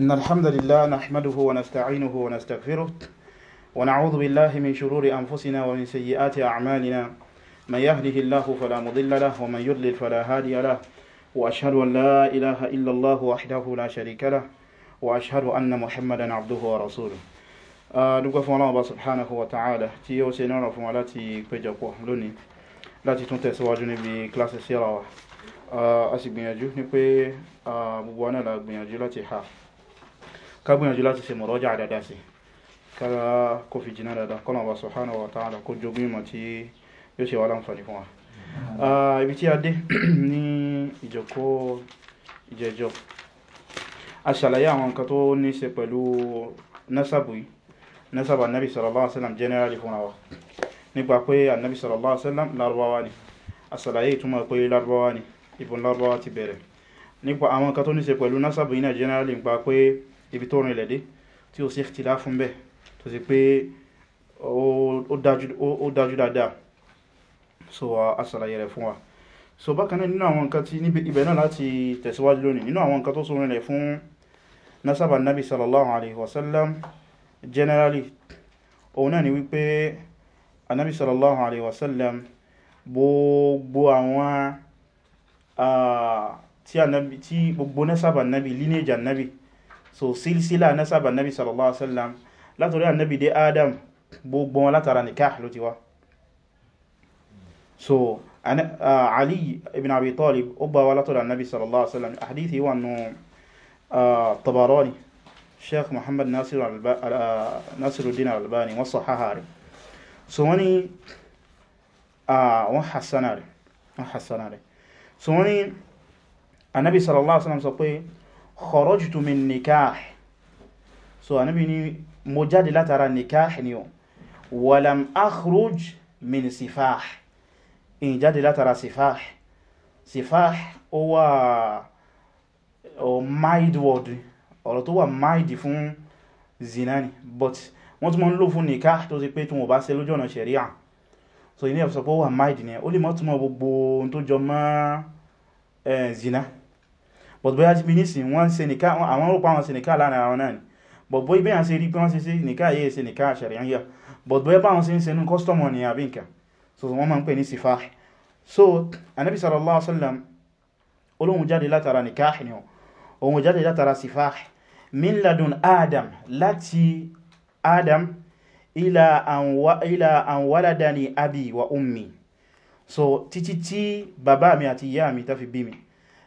إن الحمد لله نحمده ونستعينه ونستغفره ونعوذ بالله من شرور أنفسنا ومن سيئات أعمالنا من يهده الله فلا مضل له ومن يضلل فلا هادي له وأشهد أن لا إله إلا الله وحده لا شريك له وأشهد أن محمدا عبده ورسوله dúgbẹ́ fún ọlọ́ọ̀bá subhanahu wa ta'ala tí ó ṣe náà fún wa láti péjọpọ̀ lónìí láti tún tẹ̀síwájú níbi kílásì síra wa ah, kágbìyànjú láti ṣe mọ̀rọ́jà dáadáa sí kára kó fi jìnà dáadáa kọ́nà wa subhanahu wa ta'ala kó jogún ìmọ̀ tí yóò ṣe wá láǹfààní fún wa ibi tí a dé ní ìjọkó ìjẹjọ a ṣàlàyé àwọn nǹkan tó ní ṣe pẹ̀lú nasabu yìí nasabu annabi sallallahu alaihi wasallam generally fúnra wa nípa ni asàlàyé ìtumọ̀ ni ìbùn lárúbáwá ti àwọn nǹkan tó ní ṣe pẹ̀lú nasabu yìí náà generally nípa pé ibi tó rìnlẹ̀ dé tí ó sì ìkhtilāf fún bẹ́ tó sì pé ó dájú dáadáa so a ṣàlàyé rẹ̀ fún wa so bákanáà nínú àwọn nǹkan tí ibẹ̀ náà láti tẹ̀síwájú lónìí nínú àwọn nǹkan tó sọ rìnlẹ̀ fún nasaba nabi sallallahu alaihi wasallam generally òun náà ni wípé anabi sallallahu alaihi wasallam gbogbo àwọn tí gbogbo nasaba nabi lineage nabi so silsila nasaba nabi sallallahu alaihi wasallam látorí annabi dé adam gbogbo wọn látara nikah ló ti wá so ali ibn abi talib ó bá wá látọ̀dọ̀ annabi sallallahu alaihi wasallam hadithi wà nù tabarani sheikh muhammad nasiruddin albani wọ́n sahhaha rẹ̀ so wọ́n ni wọ́n hassana rẹ̀ so wọ́n ni annabi sallallahu alaihi wasallam sọ pé kharajtu min nikah so anabi ni mo jáde látara nikah ni o walam akhruj min sifah in jáde látara sifah sifah ó wà o mild word ọ̀rọ̀ tó wà mild fún zinani but wọ́n tún mọ́ ń lò fún nikah tó sì pé tún wọ́n bá ṣe lójú ọ̀nà sharia so ilé ẹ̀fẹ́ sọ pé ó wà mild ni ó lè mọ́ túnmọ̀ gbogbo tó jọ mọ́ eh, zina but bóyá ti bí nísìn wọ́n ṣe nìká àwọn òpá wọn ṣe nìká láàrin àwọn náà ni but bóyá bí wọ́n ṣe rí pé wọ́n ṣe ṣe nìká yìí ṣe nìká ṣàríyà but bóyá bá wọn ṣe ń ṣe nú kọ́sítọ́mù ni àbí nǹkan so wọ́n máa ń pè ní sifah so anabi sallallahu alaihi wasallam olóhun jáde látara nìká ni ohun jáde látara sifah min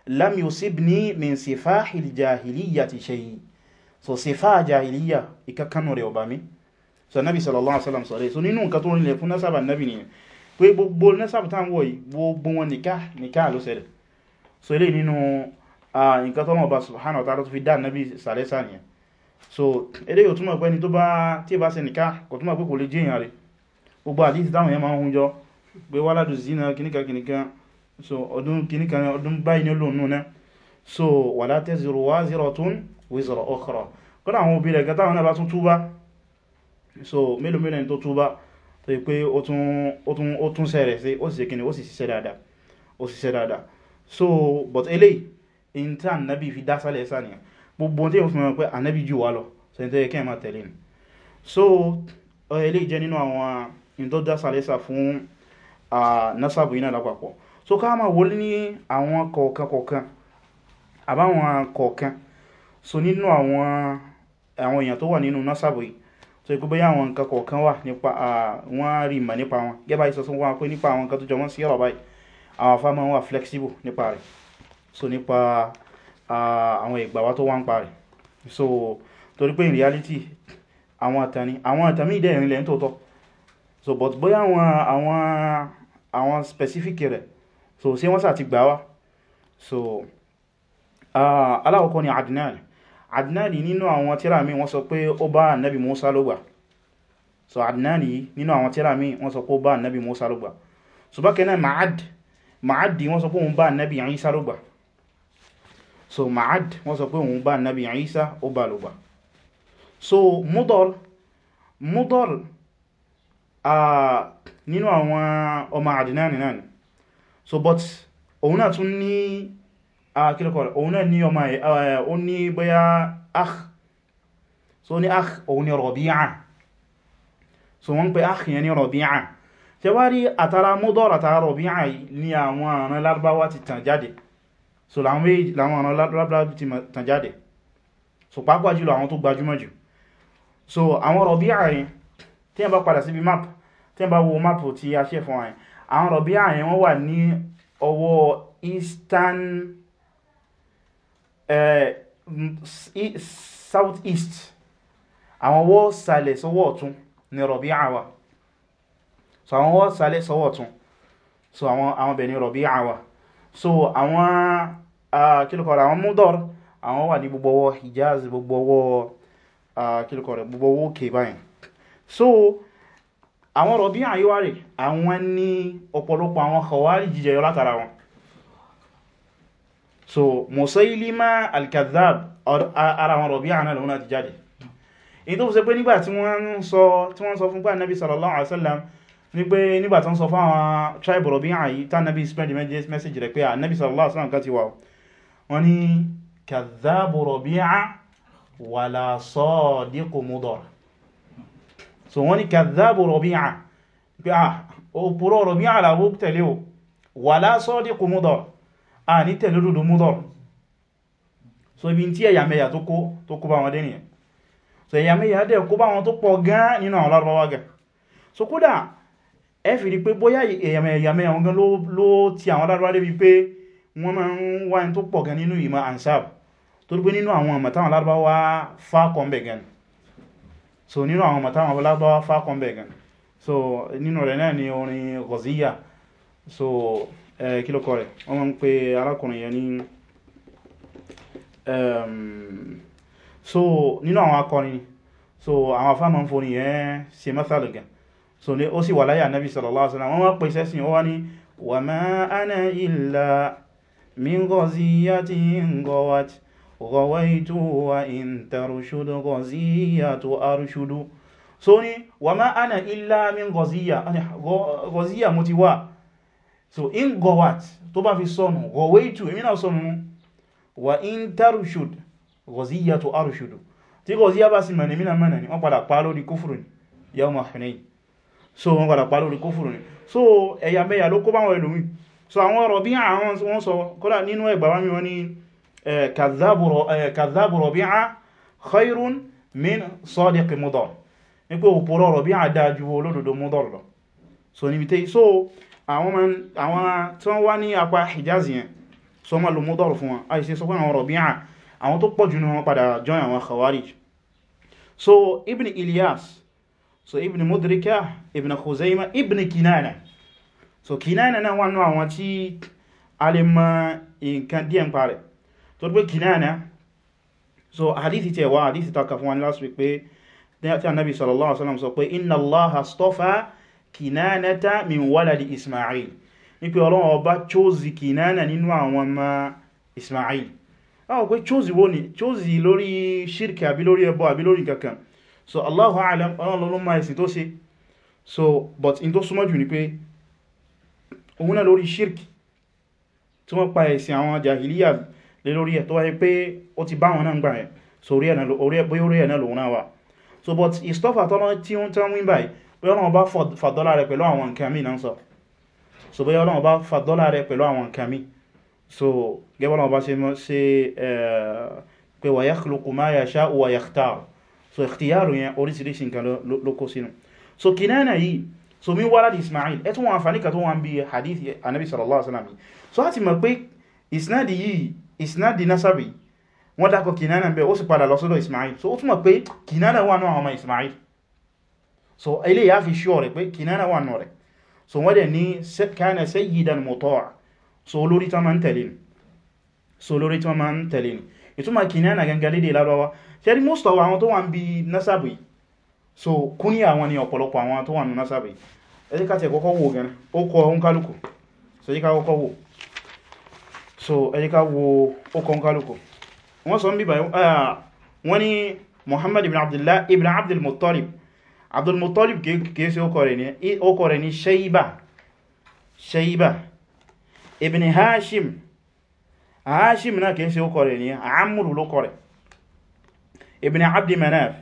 lam yusibni min sifahil jahiliyyati shay so sifa jahiliya ikakanu rẹ̀ ọba so nabi sallallahu alaihi wasallam sọ rẹ̀ so nínú nǹkan tó nílẹ̀ fún nasaba nabi ni pé gbogbo nasaba tá ń wọ̀ yìí gbogbo wọn nìká nìká ló sẹ̀rẹ̀ so ilé nínú nǹkan tó mọ̀ bá subhanahu wa ta'ala tó fi dá nabi sàrẹ́sà nìyẹn so ilé yóò túnmọ̀ pé ni tó bá tí bá ṣe nìká kò túnmọ̀ pé kò lè jẹ́ èèyàn gbogbo àdíjì táwọn yẹn máa ń hun jọ pé wáládù zina kìnnìkan kìnnìkan so ọdún kìíní kan ọdún báyìí ní olóòrùn náà so zero wala zero waziratun wizra ukhra kọ́nà àwọn obìnrin ẹ̀gá táwọn náà bá tún túbá so mélòó mélòó ẹni tó túbá tó yí pé ó tún sẹ́rẹ̀ sí ó sì kìíní ó sì ṣiṣẹ́ dáadáa ó ṣiṣẹ́ dáadáa so but eléyìí in tí ànábì fi dásálẹ̀ ẹ̀sà nìyà gbogbo tí yóò fi mọ̀ pé ànábì jù wá lọ sẹ́ntẹ́ kẹ́ máa tẹ̀lé ni so eléyìí jẹ́ nínú àwọn ìdọ́dásálẹ̀ ẹ̀sà fún ah, nasabu iná lápapọ̀ so ká máa wọlé ní àwọn kọ̀ọ̀kan kọ̀ọ̀kan àbáwọn kọ̀ọ̀kan so nínú àwọn àwọn èèyàn tó wà nínú nọ́sàbò yìí so ikú bóyá àwọn nǹkan kọ̀ọ̀kan wà nípa wọ́n rí ìmọ̀ nípa wọn gẹ́bà ìsọ tó wọ́n pé nípa àwọn nǹkan tó jọmọ́ sí ọ̀rọ̀ báyìí àwọn afá máa ń wà flexible nípa rẹ̀ so nípa àwọn ìgbà wa tó wà ń pa rẹ̀ so torí pé in reality àwọn àtàní àwọn àtàmì ìdẹ́rìn lẹ́yìn tó tọ́ so but bóyá àwọn àwọn àwọn specific rẹ̀ so ṣe wọ́n sàti gbà wá so ah, alákọ̀ọ́kọ́ ni Adnan Adnan nínú àwọn tírà mi wọ́n sọ pé ó bá Nabi Musa ló gbà so Adnan nínú àwọn tírà mi wọ́n sọ pé ó bá Nabi Musa ló gbà so bákan náà Ma'ad maadi wọ́n sọ pé òun bá Nabi Isa ló gbà so Ma'ad wọ́n sọ pé òun bá Nabi Isa ó bá ló gbà so Mudar Mudar ah, nínú àwọn ọmọ Adnan náà so but òun náà tún ní àkílọ́kọ̀ rẹ̀ náà ní ọmọ ó ní bóyá akh so ní akh òun ní Rabi'a so wọ́n pè akh yẹn ní Rabi'a tẹ wá rí àtàrà mọ́dọ̀rọ̀ àtàrà Rabi'a ní àwọn àrán lárúbáwá ti tàn jáde so láwọn àrán lárúbáwá ti tàn jáde àwọn Rọ̀bíà yẹn wọ́n wà ní ọwọ́ eastern eh, south east àwọn ọwọ́ sàlẹ̀ sọwọ́ ọ̀tún ni Rọ̀bíà wà so àwọn ọwọ́ sàlẹ̀ sọwọ́ ọ̀tún so àwọn àwọn bẹ̀ ni Rọ̀bíà wà so àwọn ah, kílùkọ̀ rẹ̀ àwọn Mudar àwọn wà ní gbogbo ọwọ́ Hijaz gbogbo ọwọ́ ah, kílùkọ̀ rẹ̀ gbogbo ọwọ́ òkè báyìí so àwọn rọ̀bí àyíwárì àwọn ní ọ̀pọ̀lọpọ̀ àwọn kọwàrí jíjẹyọ látara wọn so Musaylima al-Kadhdhab ara wọn rọ̀bí àná lòun náà ti jáde èyí tó fi ṣe pé nígbà tí wọ́n sọ fún pé Ànábì sallallahu alaihi wasallam ní pé nígbà tó ń sọ fún àwọn tribe rọ̀bí àyí tá Ànábì spread message rẹ̀ pé Ànábì sallallahu alaihi wasallam kan ti so wọ́n ní kadhabu Rabi'a pé ah òpùrọ́ Rabi'a làwó tẹ̀lé o wala sadiqu Mudar a ní tẹ̀lé dúdú Mudar so ibi tí ẹ̀yàmẹ̀yà tó kó bá wọn dé nìyẹn so ẹ̀yàmẹ̀yà dẹ̀ kó bá wọn tó pọ̀ gan nínú àwọn Lárúbáwá gan so kódà ẹ fi rí pé bóyá ẹ̀yàmẹ̀yà wọn gan ló ti àwọn Lárúbáwá débi pé wọ́n máa ń wá ẹni tó pọ̀ gan nínú ìmọ̀ ansab tó rí pé nínú àwọn ọmọ táwọn Lárúbáwá fà kọ́ńbẹ̀ gan ni so nínú àwọn ọmọ táwọn ọlábá fákan so nínú rẹ̀ náà ni orin Ghaziya so kílòkọ rẹ̀ wọ́n mọ́ ń pe arákùnrin yẹn ní so nínú àwọn akọrin so àwọn afáàmọ́ ń forin yẹn ṣe mẹ́sàlù so ní ó sì wà láyé Ànábì sallallahu alaihi wasallam wọ́n mọ́ ana illa min ghaziyatin ghawat غويت وإن ترشد غزية أرشد so ni wa ma ana illa min gọzíyà mo ti wà so in gọwàt tó bá fi sọnù gọwétù èmì náà sọnù wa in tarushud gọzíyà tó arushudu tí gọzíyà bá sì mẹ́rin èmì náà so wọ́n padà pa so ẹ̀yà mẹ́yà ló kó so àwọn Rabi'a wọ́n sọ kódà nínú ẹgbàwámi wọn kàzábù Rabi'a khairun min sadiq Mudar nípé òpòrò Rabi'a dájú olódodo Mudar lọ so níbi tẹ́ so àwọn tí wọ́n wá ní apá Hijazi yẹn so ma lo Mudar fún wọn àìsí sọ pé àwọn Rabi'a àwọn tó pọ̀jù ní wọn padà join àwọn Khawarij so Ibn Ilyas so Ibn Mudrika Ibn Khuzaima Ibn Kinana so Kinana náà wà náà àwọn tí a lè nǹkan díẹ̀ ń parẹ̀ tó gbé kìnnà so hadithi tẹ wá hadithi ta kàfún wọn last week pé tí annabi sallallahu alaihi wasallam sọ pé inna allaha astafa kinanata min waladi ismail ní pé ọlọ́run ọba chozi kinana nínú àwọn ọmọ ismail àwọn pé chozi wo ni chozi lórí shirki àbí lórí ẹbọ àbí lórí kankan so allahu alam ọlọ́run ló máa ẹ̀sìn tó ṣe so but in tó súnmọ́ jù ni pé òun náà lórí shirki tí wọ́n pa ẹ̀sìn àwọn jahiliya lé lórí ẹ̀ tó wáyé pé ó ti bá wọn náà gbà ẹ̀ so orí ẹ̀ náà lòun náà wà so but ìstọ́fà tọ́lọ́ tí ó ń tán wí báyìí pé ọlọ́run bá fàdọ́lá rẹ̀ pẹ̀lú àwọn nǹkan mí náà sọ so bóyá ọlọ́run bá fàdọ́lá rẹ̀ pẹ̀lú àwọn nǹkan mí so gẹ́gẹ́ ọlọ́run bá ṣe pé wa yakhluqu ma yasha'u wa yakhtar so ikhtiyaru yẹn oríṣiríṣi nǹkan ló kó sínú so kìnnà yìí so mi wá láti ismail ẹ tún wọn àǹfààní kan tó wọn bí hadith anabi sallallahu alaihi wasallam so láti mọ̀ pé isnadi yìí isnadi nasabi wọ́n dákọ̀ kìnánà bẹ́ ó sì padà lọ sọ́dọ̀ ismail so ó túnmọ̀ pé kìnánà wà náà ọmọ ismail so ilé ya fi ṣíọ̀ rẹ̀ pé kìnánà wà náà rẹ̀ so wọ́n dẹ̀ ní kana sayyidan muta'a so olórí tán ma ń tẹ̀lé ni so olórí tán ma ń tẹ̀lé ni ìtumọ̀ kìnánà gangan lédè larawa ṣe rí most of àwọn tó wà ń bi nasabi so kúní àwọn ni ọ̀pọ̀lọpọ̀ àwọn tó wà nù nasabi ẹ jẹ́ ká tẹ̀ kọ́kọ́ wò gan so jẹ́ ká so ẹjíká wo okùn kálùkù wọ́n sọ ń bíbà ah, wọ́n ní Muhammad ibn Abdullah ibn Abdulmuttalib Abdulmuttalib kìí sí okọ̀ rẹ̀ ní Shayba Shayba ibn Hashim Hashim náà kìí sí okọ̀ rẹ̀ ní Amru lókọ̀ rẹ̀ ibn Abdi Manaf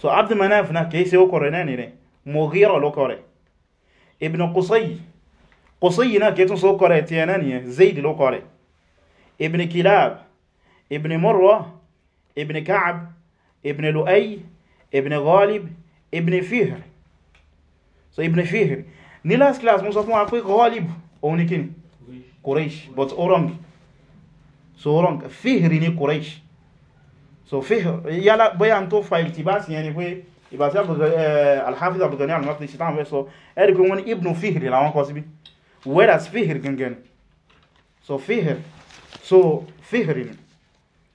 so Abdi Manaf náà kìí sí okọ̀ rẹ̀ náà nìrẹ̀ Mughira lókọ̀ rẹ̀ ibn Qusay Qusayi náà kẹtún só kọ rẹ̀ tí ẹ̀nà nìyẹn Zaid ló kọ rẹ̀ ibn Kilab ibn Murra ibn Ka'ab ibn Lu'ay ibn Ghalib ibn Fihr so ibn Fihr ní last class mú sọ fún wa pé Ghalib òun ní kíni Quraysh but orang so orang Fihr ní Quraysh so Fihr yálà bóyá tó fa ìtìbáṣì yẹn ni pé ìbáṣì Al-Hafiz Abdul Ghani Al-Maqdisi tán fẹ́ sọ ibn Fihr làwọn kọ síbí whereas fihr gangan so fihr so fihrin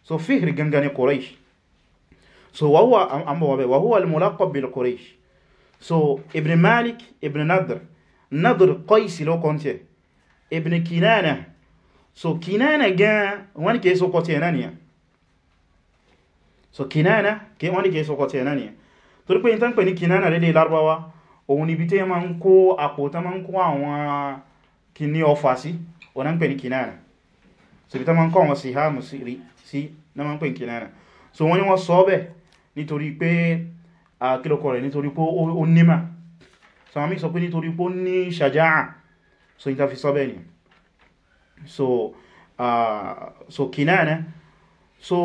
so fihr gangan ni quraish so wahuwa an bawa bai wahuwa al-mulaqab bil quraish so ibn malik ibn nadr nadr qais lo konte ibn kinana so kinana gan wani ke so ko te so kinana ke wani ke so ko te nani torí pé tan pè ní kinana lédè Lárúbáwá ohun ibi te ma ń kó ta ma ń kó Kini ní ọfà sí ọ̀nà ń pè ní kìnàrà so bí tánmà ń kọ́ wọn sí ha mú sí na ma ń pè ní kìnàrà so wọ́n ni wọ́n sọ bẹ̀ nítorí pé àkílọ̀kọ̀ rẹ̀ nítorí pé ó nímà so àmì sọ pé nítorí pé ó ní ṣàjáà so ní tafi sọ bẹ̀ ni so so kìnàrà so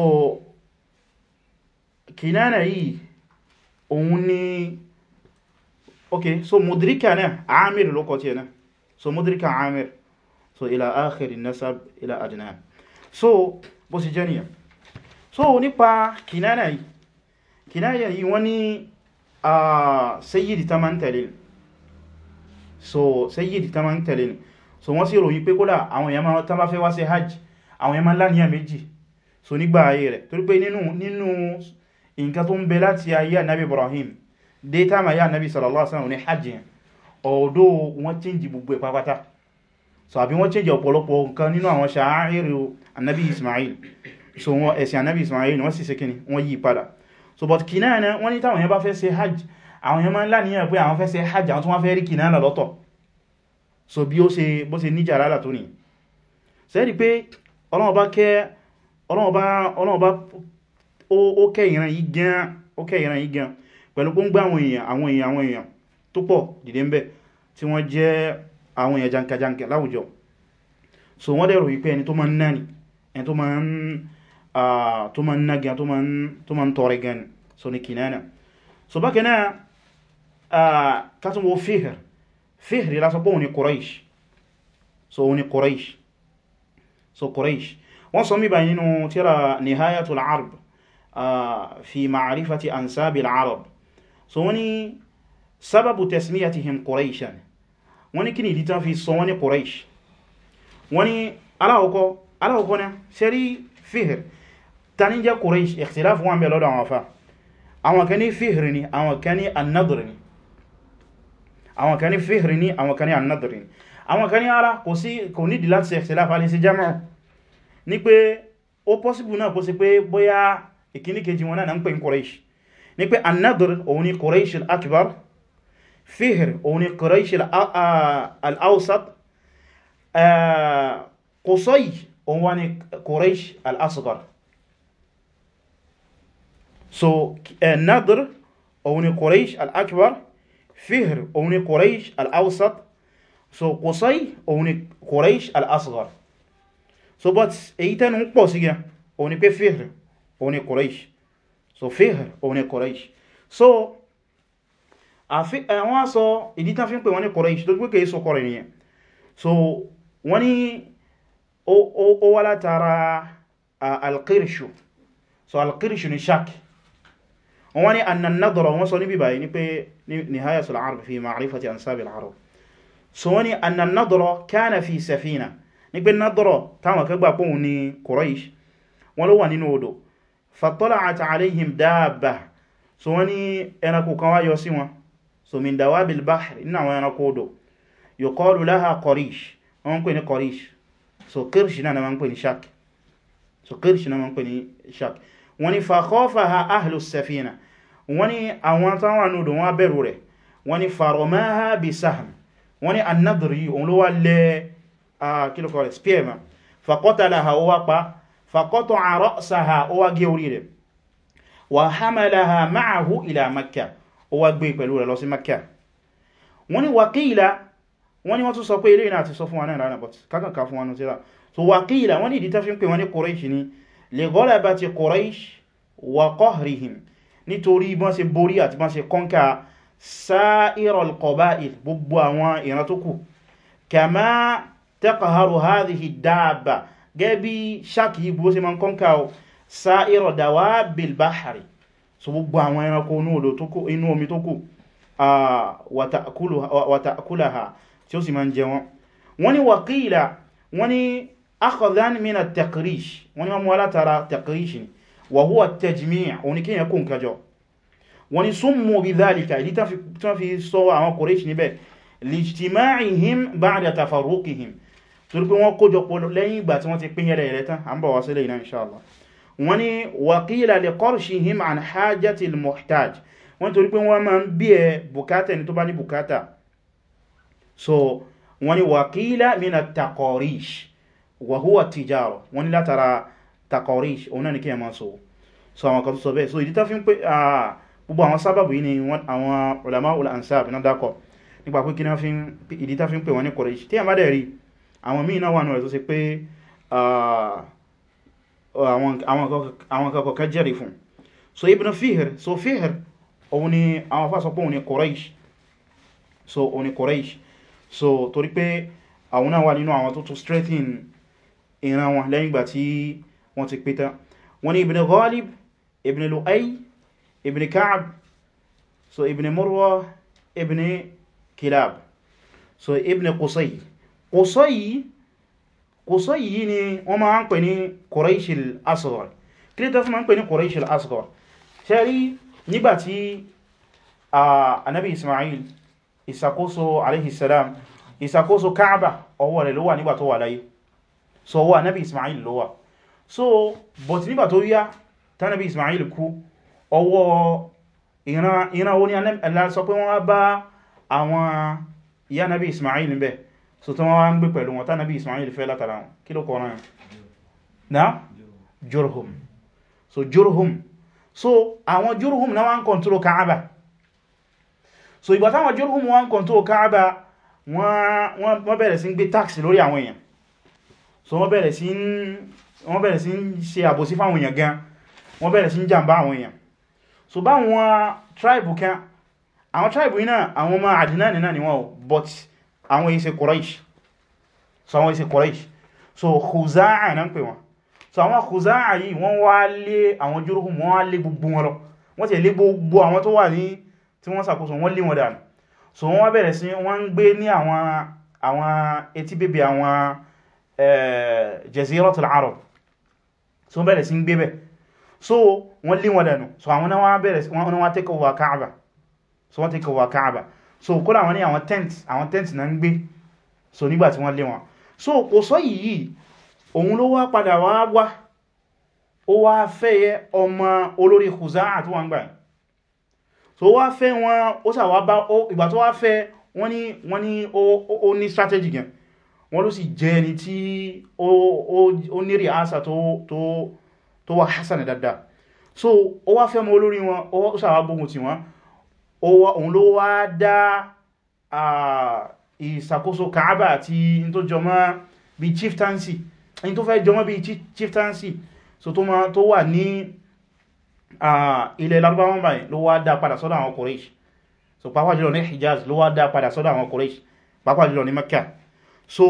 kìnàrà yìí òun ni ok so mudrika náà amir lókọ̀ tí ẹ̀ náà so mudrika amir so ila akhiri nasab ila adnan so bó sì jẹ́ so nípa kìnnáyà yìí kìnnáyà yìí wọ́n ní a sayyidi ta so sayyidi ta ma so wọ́n sì ròyìn pé kódà àwọn èèyàn máa tán bá fẹ́ wá ṣe hajj àwọn èèyàn máa láníyàn méjì so nígbà ayé rẹ̀ torí pé nínú nínú nǹkan tó ń bẹ láti ayé ànábì Ibrahim dé táàmà ayé ànábì sallallahu alaihi wasallam ní hajj ọ̀dọ́ wọ́n change gbogbo ẹ̀ pápátá so àbí wọ́n change ọ̀pọ̀lọpọ̀ nǹkan nínú àwọn ṣàárẹ̀rẹ̀ anabi ismail so wọ́n ẹ̀sìn anabi ismail wọ́n sì ṣe kíni wọ́n yí padà so but kìnnáà wọ́n ní táwọn yẹn bá fẹ́ ṣe hajj àwọn yẹn máa ń láníyàn pé àwọn fẹ́ ṣe hajj àwọn tó wọ́n fẹ́ rí kìnnáà lọ́tọ̀ so bí ó ṣe bó ṣe níjà rárá tó nìyí sẹ́rí pé ọlọ́wọ́ bá kẹ́ ọlọ́wọ́ bá ó kẹ́ ìran yìí gan pẹ̀lú pé ń gbá àwọn èèyàn àwọn èèyàn àwọn èèyàn tó pọ̀ dìde ń bẹ̀ tí wọ́n jẹ́ àwọn èèyàn jankajankẹ láwùjọ so wọ́n dẹ̀ rò wípé ẹni tó ma ń ná ni ẹni tó ma ń ná gan tó ma ń tọrẹ gan so ni kìnnà so bákan náà kátún wo fíhìr fíhìr lásán pọ̀ òní Quraish so òní Quraish so Quraish wọ́n sọ mìbà nínú tíra Nihayatul Arab fi ma'arifati ansabil Arab so wọ́n sábàbù tasmiyatihim Quraishan wọ́n ní kí ni ìdí tán fi sọ wọ́n ní Quraish wọ́n ní aláwọ̀kọ́ aláwọ̀kọ́ ní sẹ́rí Fihr ta ní jẹ́ Quraish ikhtilaf wọn bẹ̀ lọ́dọ̀ àwọn afá àwọn kan ní Fihr ni àwọn kan ní an-Nadr ni àwọn kan ní Fihr ni àwọn kan ní an-Nadr ni àwọn kan ní ara kò nídìí sí jam'u ní pé ó pọ́síbù náà kó pé bóyá ìkíníkejì wọn náà ń pè ní Quraish ní pé an òun ni Quraish al فهر òun quraish al-awsat qusay òun wá ní quraish al-asghar so nadr òun ní quraish al-akbar فهر òun ní quraish al-awsat so qusay òun ní quraish al-asghar so but èyí tẹ́nu ń pọ̀ sí gẹ́ òun ní pé fihir òun ní quraish so fihir òun ní quraish so Eh, wọ́n sọ ìdí tán fi ń pè wọ́n ní Quraish tó gbé kèé sọ kọ̀rọ̀ ènìyàn so wọ́n ní ó wá látara ah, alqirshu so alqirshu ni shak wọ́n ní annan nadra wọ́n sọ níbi báyìí ní pé nihayatul arab fi ma'rifati ansabil arab so wọ́n ní annan nadra kana fi safina ní pé nadra táwọn kẹgbà pọ̀hún ní so wọ́n ní ẹranko so min dawabil bahr inú àwọn ẹranko odò yuqalu laha qarish wọ́n ń pè ní qarish so qirsh náà ma ń pè ní shark so qirsh náà ma ń pè ní shark wọ́n ní fa khafaha ahlu safina wọ́n ní àwọn táwọn anúdò wọ́n bẹ̀rù rẹ̀ wọ́n ní faramaha bi sahm wọ́n ní annadri òun ló wá lẹ́ kílùkọ́ rẹ̀ spear ma faqatalaha ó wá pa faqata'a ra'saha ó wá gé orí wa hamalaha ma'ahu ila makkah ó wá gbé pẹ̀lú rẹ̀ lọ sí Makkah wọ́n ní wàkíìlá wọ́n ní wọ́n tún sọ pé ilé ìrìn àti sọ fún wa náà rárá but kákànká fún wa náà tíra so wàkíìlá wọ́n ní ìdí tẹ́fí ń pè wọ́n ní Quraish ni li ghalabati Quraish wa qahrihim nítorí bọ́n ṣe borí àti bọ́n ṣe kọ́nká sa'iral so gbogbo àwọn ẹranko inú omi tó kù wàtàkùlàhà tí ó sì máa ń jẹ wọn wọ́n ni wàkílà wọ́n ni akọ̀dán mina takrish wọ́n ni wọ́n mú alátara takrish ni wà húwà tẹjmíyà òní kí yẹn kó n kẹjọ wọ́n ni summu bi dhalika ìdí tán fi sọ àwọn Quraysh níbẹ̀ lijtima'ihim ba'da tafarruqihim torí pé wọ́n wọ́n ní wàkílà lè kọ́rṣì him an hajjati muhtaj wọ́n torí pé wọ́n máa ń bí ẹ bukata ni tó bá ní bukata so wọ́n ní wàkílà mina takorish wàhúwà tijaro wọ́n ní látara takorish òun náà ni kí ẹ máa so so àwọn kan tó sọ bẹ́ẹ̀ so ìdí tá fi ń pé gbogbo àwọn sábàbù yìí ni àwọn ulama ul ansab náà dákọ̀ nípa pé kí ní ìdí tá fi ń pè wọ́n ní kọ̀rẹ́ṣì tí a má dẹ̀ rí àwọn míì náà wà nù rẹ̀ tó ṣe pé àwọn kankan kan jẹ́rì fún so ibn fihr so fihr òun ni àwọn afá sọ pé òun ni quraish so òun ni so torí pé àwọn náà wà nínú àwọn tó tún strengthen ìran wọn lẹ́yìn ìgbà tí wọ́n ti pétá wọ́n ni ibn ghalib ibn lu'ay ibn ka'ab so ibn murwa ibn kilab so ibn qusay qusay kò sọ yìí ni wọ́n máa ń pè ní Qurayshil Asghar kí ló tọ́fún máa ń pè ní Qurayshil Asghar ṣe rí nígbàtí anabi Ismail Isakoso Alaihissalam, Isakoso Kaaba ọwọ́ rẹ̀ ló wà nígbà tó wà láyé so ọwọ́ anabi Ismail ló so but nígbà tó yá tanabi Ismail kú ọwọ́ ìran oní ni pé wọ́n bá àwọn ya anabi Ismail bẹ́ẹ̀ so tí wọ́n wá ń gbé pẹ̀lú wọn tánàbí Ismail fẹ́ látara wọn kí ló kọ́ náà náà jurhum so jurhum so àwọn jurhum náà wọ́n kọ̀ntúrò káàbà so ìgbà táwọn jurhum wọ́n kọ̀ntúrò káàbà wọ́n bẹ̀rẹ̀ sí ń gbé tax lórí àwọn èèyàn so wọ́n bẹ̀rẹ̀ sí wọ́n bẹ̀rẹ̀ sí ń ṣe àbòsí fáwọn èèyàn gan wọ́n bẹ̀rẹ̀ sí ń jàmbá àwọn èèyàn so báwọn tribe kan àwọn tribe yìí náà àwọn ọmọ Adinani náà ni wọ́n but àwọn ìṣe Quraish so àwọn ìṣe Quraish so Khuza'a na ń pè wọn so àwọn Khuza'a yìí wọ́n wá lé àwọn Jurhum wọ́n wá lé gbogbo wọn lọ wọ́n ti lé gbogbo àwọn tó wà ní tí wọ́n ṣàkóso wọ́n lé wọn dànù so wọ́n bẹ̀rẹ̀ sí wọ́n gbé ní àwọn etí bèbè àwọn Jaziratul Arab so bẹ̀rẹ̀ sí gbé bẹ̀ so wọ́n lé wọn dànù so àwọn náà wá bẹ̀rẹ̀ sí wọ́n wọ́n take over Kaaba so kódà wọ́n ní àwọn tent àwọn tent náà ń gbé so nígbà tí wọ́n lé wọn so kò sọ yìí òun ló wá padà wá wá ó wá fẹ́ ọmọ olórí Khuza'a tó wà gbà so wá fẹ́ wọn ó sàwá bá ìgbà tó wá fẹ́ wọ́n ni wọ́n ní ó ní strategy gan wọ́n ló sì jẹ́ ẹni tí ó ní rí àṣà tó wà hassan dáadáa so ó wá fẹ́ mọ́ olórí wọn ó sàwá gbógun ti wọn òun ló wá dá ìsàkóso Kaaba àti in tó jọmọ́ bí chieftaincy in tó fẹ́ jọmọ́ bí chieftaincy so tó ma tó wà ní ilẹ̀ Lárúbáwá báyìí ló wá dá padà sọ́dọ̀ àwọn Quraysh so pàápàá jùlọ ní Hijaz ló wá dá padà sọ́dọ̀ àwọn Quraysh pàápàá jùlọ ní Mecca so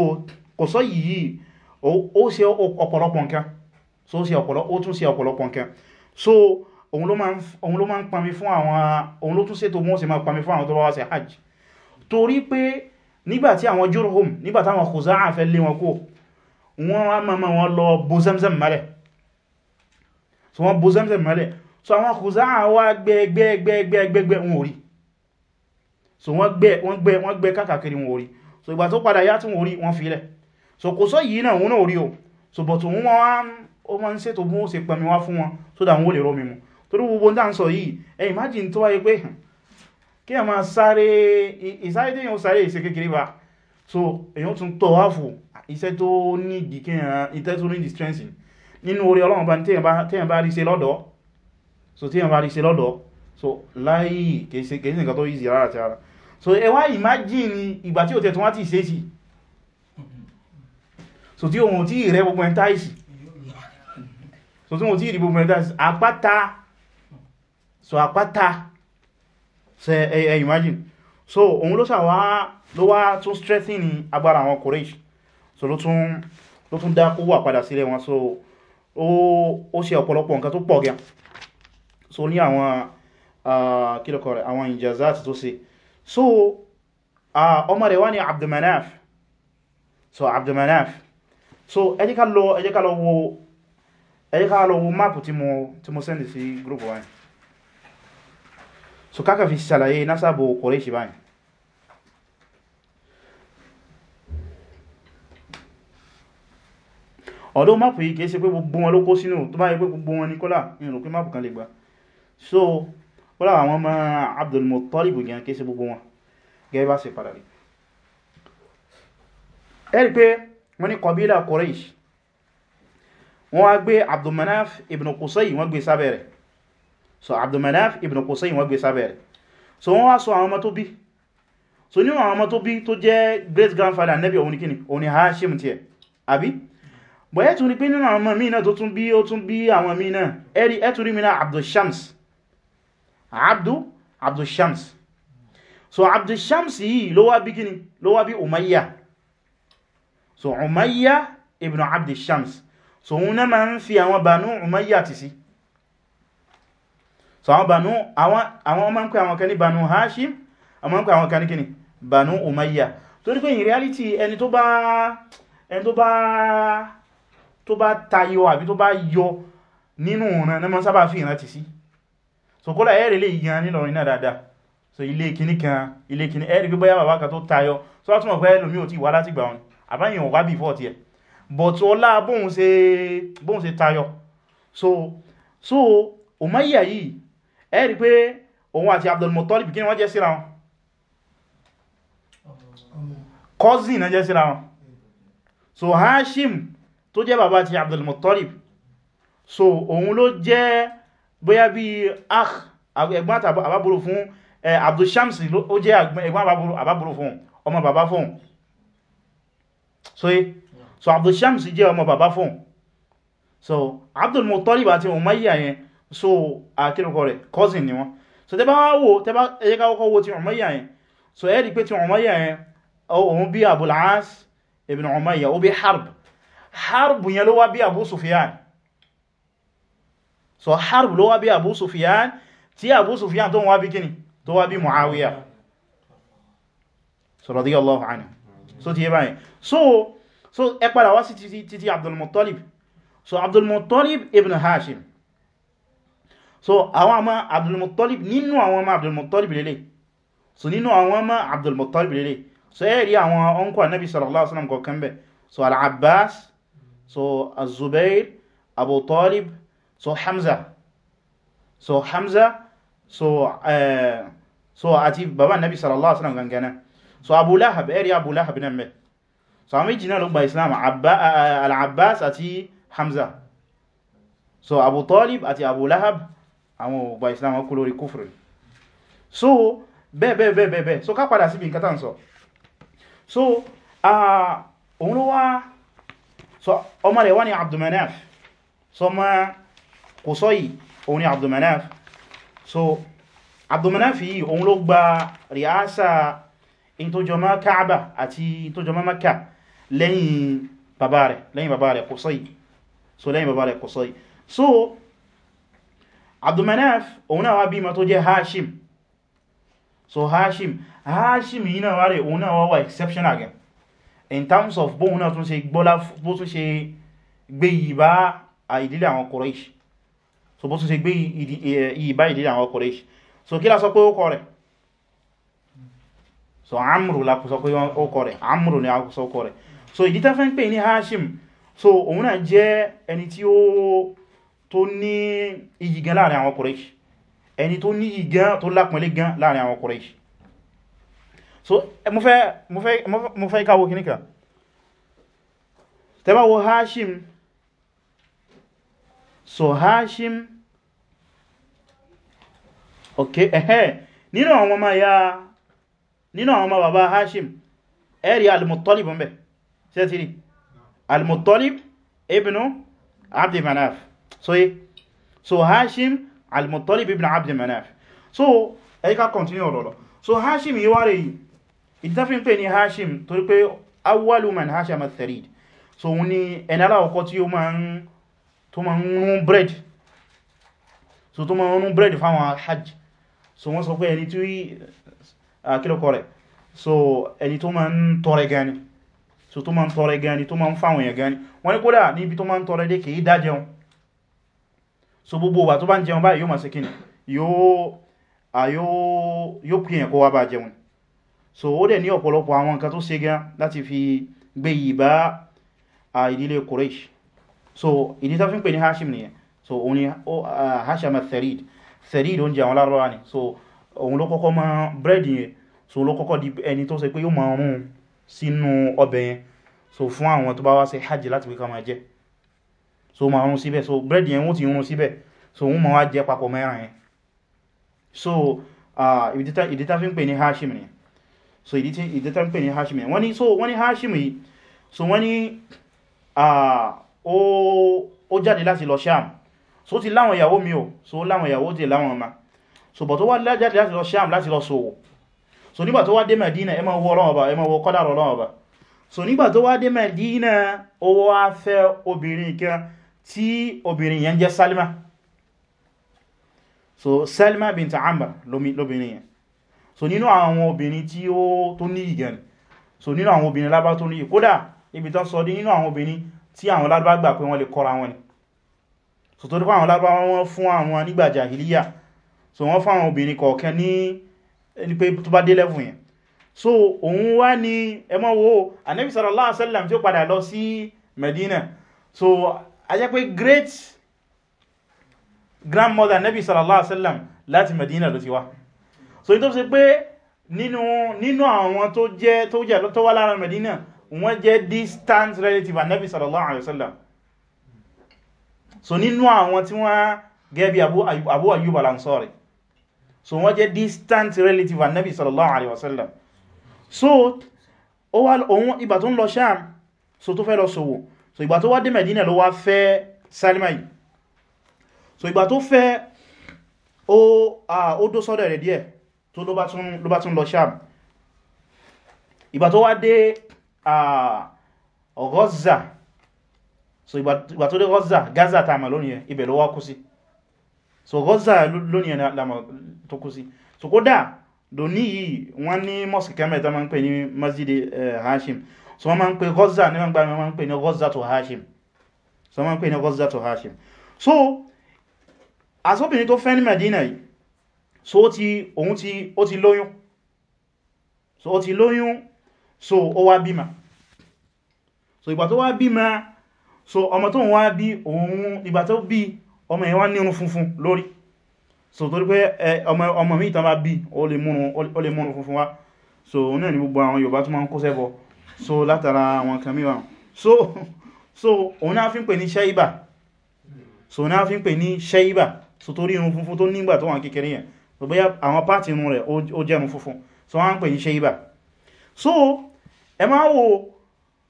kò sọ yìí ó ṣe ọ̀pọ̀lọpọ̀ nǹkan so ó tún ṣe ọ̀pọ̀lọpọ̀ nǹkan so òun ló máa ń pami fún àwọn òun ló tún ṣètò wọ́n sì máa pami fún àwọn tó bá wá sí hajj torí pé nígbàtí àwọn jurhum nígbàtí àwọn khuza'a fẹ́ lé wọn kó wọ́n wá mọ́mọ́ wọn lọ bó zamzam mẹ́lẹ̀ so wọ́n bó zamzam mẹ́lẹ̀ so àwọn khuza'a wá gbẹ́gbẹ́gbẹ́gbẹ́gbẹ́ wọn orí so wọ́n gbẹ́ wọ́n gbẹ́ wọ́n gbẹ́ kákàkiri wọn orí so ìgbà tó padà yá tí wọn orí wọn filẹ̀ so kò sọ yìí náà wọn orí o so bọ̀tù wọn wá ń ṣètò bí wọ́n ṣe pẹ̀mí wá fún wọn so dà wọn ó lè rọ́ mímu torí gbogbo ń dá ń sọ yìí ẹ imagine tó wáyé pé kí ẹ ma sáré ìsáré tí èyàn sáré ìṣe kékeré bá so èyàn tún tọ́ wáfò iṣẹ́ tó nídi kí èyàn iṣẹ́ tó nídi strengthening nínú orí ọlọ́run bá téèyàn bá rí ṣe lọ́dọ̀ so téèyàn bá rí ṣe lọ́dọ̀ easy rárá ti so ẹ imagine ìgbà tí ò tẹ̀ tó so tí òun tí rẹ gbogbo ẹ̀ so tí òun tí rí gbogbo ẹ̀ àpáta so àpáta so ẹ imagine so òun ló sàwá ló wá tún strengthening agbára àwọn Quraysh so ló tún ló tún dá kó wà padà sílẹ̀ wọn so ó ṣe ọ̀pọ̀lọpọ̀ nǹkan tó pọ̀ gẹn so ní ah, kilo kore, àwọn injazat tó ṣe so ah, rẹ̀ wá ní Abdulmanaf so Abdulmanaf so ẹ jẹ́ ká lọ ẹ jẹ́ ká wo ẹ jẹ́ ká lọ wo máàpù tí mo sẹ́ndì si group wáyìí so kákà fi ṣàlàyé násábò Quraysh báyìí ọ̀dọ́ máàpù yìí kìí ṣe pé gbogbo wọn ló kó sínú tó bá yẹ pé gbogbo wọn ní kọ́lá ìrìn òpin máàpù kan lè gbà so kọ́lá àwọn ọmọ Abdul Muttalib gan gbogbo wọn gẹ́gẹ́ bá ṣe padà rí ẹ̀rí pé wọ́n ní kọbílà Quraysh wọ́n wá gbé Abdul ibn Qusay wọ́n gbé sábẹ́ rẹ̀ so abdulmanaf ibn qusayn wọ́n gbé sábẹ̀ so wọ́n wá sọ àwọn ọmọ tó bí so nínú àwọn ọmọ tó bí tó jẹ́ great grandfather nẹ́bí òun kíni òun ni hashim tiẹ̀ àbí bọ̀ ẹ́ tún rí pé nínú àwọn ọmọ míì náà tó tún bí ó tún bí àwọn míì náà ẹ̀rí ẹ́ rí mi náà abdulshams abdu abdulshams so abdulshams yìí ló wá bí kíni ló wá bí umayya so umayya ibn abdulshams so òun náà máa ń fi àwọn bànú umayya ti sí si so àwọn banu àwọn àwọn máa banu hashim àwọn máa ń àwọn kan ní banu umayya torí pé in reality ẹni tó bá ẹni tó bá tó bá tayọ àbí tó bá yọ nínú ọ̀ràn náà sábà fi ìrántí sí so kó láyé rẹ̀ lè yíyan nílọrin náà so ilé kìíní kan ilé kìíní ẹ̀rí pé bóyá bàbá kan so wá túnmọ̀ pé ẹlòmí ò ti wá láti gbà wọn so so òmáyà yìí ẹ rí pé òun àti Abdul Muttalib kí ni wọ́n jẹ́ síra wọn cousin na jẹ́ síra wọn so Hashim tó jẹ́ bàbá ti Abdul Muttalib so òun ló jẹ́ bóyá bí akh ẹgbọ́n àbábúrò fún Abdul Shams ó jẹ́ ẹgbọ́n àbábúrò fún ọmọ bàbá fún so eh, so Abdul Shams jẹ́ ọmọ bàbá fún so Abdul Muttalib àti Umayya yẹn so àkírùkọ rẹ̀ cousin ni wọ́n so tẹ́bá wá wò tẹ́bá ẹjẹ́ ká wo ti Umayya yẹn so ẹ́ rí pé ti Umayya yẹn òun bí Abul As ibn Umayya ó bí Harb Harb yẹn ló wá bí Abu Sufyan so Harb ló wá bí Abu Sufyan tí Abu Sufyan tó wá bí kíni tó wá bí Muawiya so radiyallahu anhu so ti yẹ báyìí so so ẹ padà wá sí titi Abdul so Abdul Muttalib ibn Hashim so àwọn ọmọ abdulmuttalib nínú àwọn ọmọ abdulmuttalib lélẹ̀ so nínú àwọn ọmọ abdulmuttalib lélẹ̀ so ẹ rí àwọn ọkọ̀ anabi sallallahu alaihi wasallam kọ̀ọ̀kan bẹ̀ so al-abbas so az-zubair abu talib so hamza so hamza so uh, so àti baba anabi sallallahu alaihi wasallam gangana so abu lahab ẹ rí abu lahab náà mẹ́ so àwọn méjì náà ló gba islam al-abbas àti hamza so abu talib àti abu lahab àwọn ò gba islam kú lórí kúfùrù so bẹ́ẹ̀bẹ́ẹ̀bẹ́ẹ̀bẹ́ẹ̀ so ká padà síbi nǹkan tán sọ so òun ló wá so ọmọ rẹ̀ wá ní abdulmanaf so ma kò sọ yìí òun ni abdulmanaf so abdulmanaf yìí òun ló gba ríásà ìntójọmọ́ káàbà àti ìntójọmọ́ maka lẹ́yìn bàbá rẹ̀ lẹ́yìn bàbá rẹ̀ kò sọ yìí so lẹ́yìn bàbá rẹ̀ so abdulmanaf òun náà wá ma tó jẹ́ hashim so hashim hashim yìí náà wá rẹ̀ òun náà wá wà again in terms of bóun náà tún ṣe gbọ́lá bó tún ṣe gbé ìbá ìdílé àwọn Quraysh so bó tún ṣe gbé ìbá ìdílé àwọn Quraysh so kí la sọ pé ó kọ rẹ̀ so amru la sọ pé ó kọ rẹ̀ amru ni a sọ rẹ̀ so ìdí tẹ́fẹ́ ń pè ní hashim so òun náà jẹ́ ẹni tí ó tó ní iyì gan láàrin àwọn Quraysh ẹni tó ní iyì gan tó lápọ̀nlé gan láàrin àwọn Quraysh so mo fẹ́ mo fẹ́ mo fẹ́ káwọ́ kìníkà tẹ́bá Hashim so Hashim ok ẹ̀hẹ́ nínú àwọn ọmọ ya nínú àwọn ọmọ bàbá Hashim ẹ̀rí al-Muttalib ń bẹ̀ sẹ́tìrí ibn Abdi Manaf so ye eh, so Hashim al-Muttalib ibn Abd Manaf so ẹ̀yí ká continue ọ̀rọ̀ lọ so Hashim yíwá rẹ̀ yìí ìdáfin pè ní Hashim torí pé awwalu man Hashim al-Tharid so òun ni ẹni aláwọ̀kọ́ tí ó máa ń tó máa ń rún bread so tó máa ń rún bread fáwọn hajj so wọ́n sọ pé ẹni tí kílọ̀kọ́ rẹ̀ so ẹni tó máa ń gani so tó máa ń tọrẹ gani tó máa ń fáwọn èèyàn gani wọ́n ní kódà níbi tó máa ń tọrẹ dé kìí dájẹun so gbogbo wa tó bá ń jẹun báyìí yóò máa ṣe kíni yóò pè yẹn kó bá jẹun so ó dẹ̀ ní ọ̀pọ̀lọpọ̀ àwọn nǹkan tó ṣe gan láti fi gbé yìí bá ìdílé Quraysh so ìdí tó fi ń pè ní Hashim nìyẹn so òun ni Hashim al-Tharid Tharid oúnjẹ àwọn lárọ́wà ni so òun ló kọ́kọ́ máa búrẹ́dì yẹn so ló kọ́kọ́ di ẹni tó ṣe pé yóò máa rún sínú ọbẹ̀ yẹn so fún àwọn tó bá wá ṣe hajj láti pé ká máa jẹ́ so ma rún síbẹ̀ so bread yẹn wọ́n ti rún síbẹ̀ so wọ́n ma wá jẹ papọ̀ mẹ́ran yẹn so ìdí tá fi ń pè ní Hashim ni so ìdí tá ń pè ní Hashim ni wọ́n so wọ́n Hashim yìí so wọ́n ní ó jáde láti lọ Sham so ti láwọn ìyàwó mi o so láwọn ìyàwó ti láwọn ọmọ so bọ̀ tó wá jáde láti lọ Sham láti lọ sòwò so nígbà tó wá dé Medina ẹ máa wọ Ọlọ́run ọba ẹ máa wọ kọ́dà Ọlọ́run ọba so nígbà tó wá dé Medina ó wá fẹ́ obìnrin kan tí obìnrin yẹn jẹ́ Salma so Salma bint Amr lóbìnrin yẹn so nínú àwọn obìnrin tí ó tó ní ìgẹ̀n so nínú àwọn obìnrin lábá tó ní ìkódà ibi tán sọ dí nínú àwọn obìnrin tí àwọn lábá gbà pé wọ́n lè kọ́ra wọn ni so tó dípa àwọn lábá wọn fún àwọn nígbà jahiliya so wọ́n fún àwọn obìnrin kọ̀ọ̀kan ní ní pé tó bá dé level yẹn so òun wá ní ẹmọ́ wo Ànábì sallallahu alaihi wasallam tí ó padà lọ sí Medina so a jẹ́ pé great grandmother nabi sallallahu alaihi wasallam láti medina ló ti wá so yí tó ṣe pé nínú àwọn tó jẹ́ tó jẹ́ tó wá lára medina wọ́n jẹ́ distant relative anabi sallallahu alaihi wasallam so nínú àwọn tí wọ́n gẹ́bí abu ayyub al-ansari so wọ́n jẹ́ distant relative anabi sallallahu alaihi wasallam so ó wá ohun ìbà tó ń lọ sham so tó fẹ́ lọ ṣòwò so ìgbà tó wá dé Medina ló wá fẹ́ Salima yìí so ìgbà tó fẹ́ ó ó dó sọ́dọ̀ rẹ̀ díẹ̀ tó lo bá tún lọ Sham ìgbà tó wá dé Gaza so ìgbà tó de Gaza Gaza ta mà lónìí ibẹ̀ ló wá kú sí so Gaza lónìí lámà tó kú sí so kódà lónìí yìí wọ́n ní mosque kẹ́mẹ̀ tó máa ń pè Masjid eh, Hashim so wọ́n máa ń pè Gaza ní gbàmí wọ́n máa ń pè ní Gaza to Hashim so wọ́n máa ń pè ní Gaza to Hashim so asọ́bìnrin tó fẹ́ ní Medina yìí so o ti òun ti o ti lóyún so o ti lóyún so o wá bímá so ìgbà tó wá bímá so ọmọ tó ń wá bí òun ìgbà tó bí ọmọ yẹn wá ní irun funfun lórí so torí pé ọmọ mi ìtàn bá bí ó lè múrun funfun wá so náà ni gbogbo àwọn Yorùbá tó máa ń kó sẹ́bọ̀ọ́ so látara àwọn kan mìíràn so so òun náà fi ń pè ní ṣẹ́ìbà so náà fi ń pè ní ṣẹ́ìbà so torí irun funfun tó nígbà tó wà kékeré yẹn so bóyá àwọn pàtì irun rẹ̀ ó jẹ́ irun funfun so wọ́n ń pè ní ṣẹ́ìbà so ẹ máa wo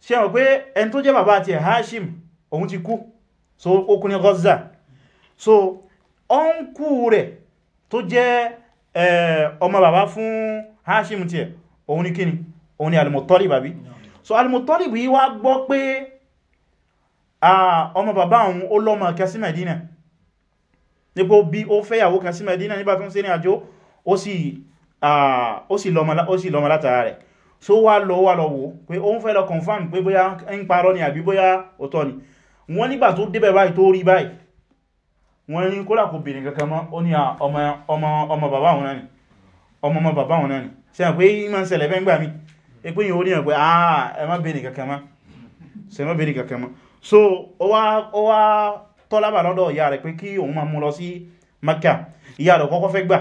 ṣe ọ̀ pé ẹni tó jẹ́ bàbá àti Hashim òun ti kú so ó kú ní Gaza so ọ́nkú rẹ̀ tó jẹ́ eh, ọmọ bàbá fún Hashim tiẹ̀ òun ni kíni òun ni al-Muttalib so al-Muttalib yìí wá gbọ́ pé ọmọ bàbá òun ó lọ́mọ kan sí Medina nípo bí ó fẹ́yàwó kan sí Medina nígbà tó ń ṣe ní àjò ó sì lọ́mọ látara rẹ̀ so wá lọ wá lọ wò pé ó ń fẹ́ lọ confirm pé bóyá ń parọ́ ni àbí bóyá òtọ́ ni wọ́n nígbà tó débẹ̀ báyìí tó rí báyìí wọ́n ní kódà kò bèèrè kankan mọ́ ó ní ọmọ bàbá òun náà ni ọmọ bàbá òun náà ni ṣe pé ìmọ̀ ń ṣẹlẹ̀ bẹ́ gbà mí ipé yíò rí ẹ̀ pé àà ẹmọ́ bèèrè kankan mọ́ so ẹmọ́ bèèrè kankan mọ́ so ó wá tọ́lábà lọ́dọ̀ ìyá rẹ̀ pé kí òun máa mú lọ sí Makka ìyá rẹ̀ kọ́kọ́ fẹ́ gbà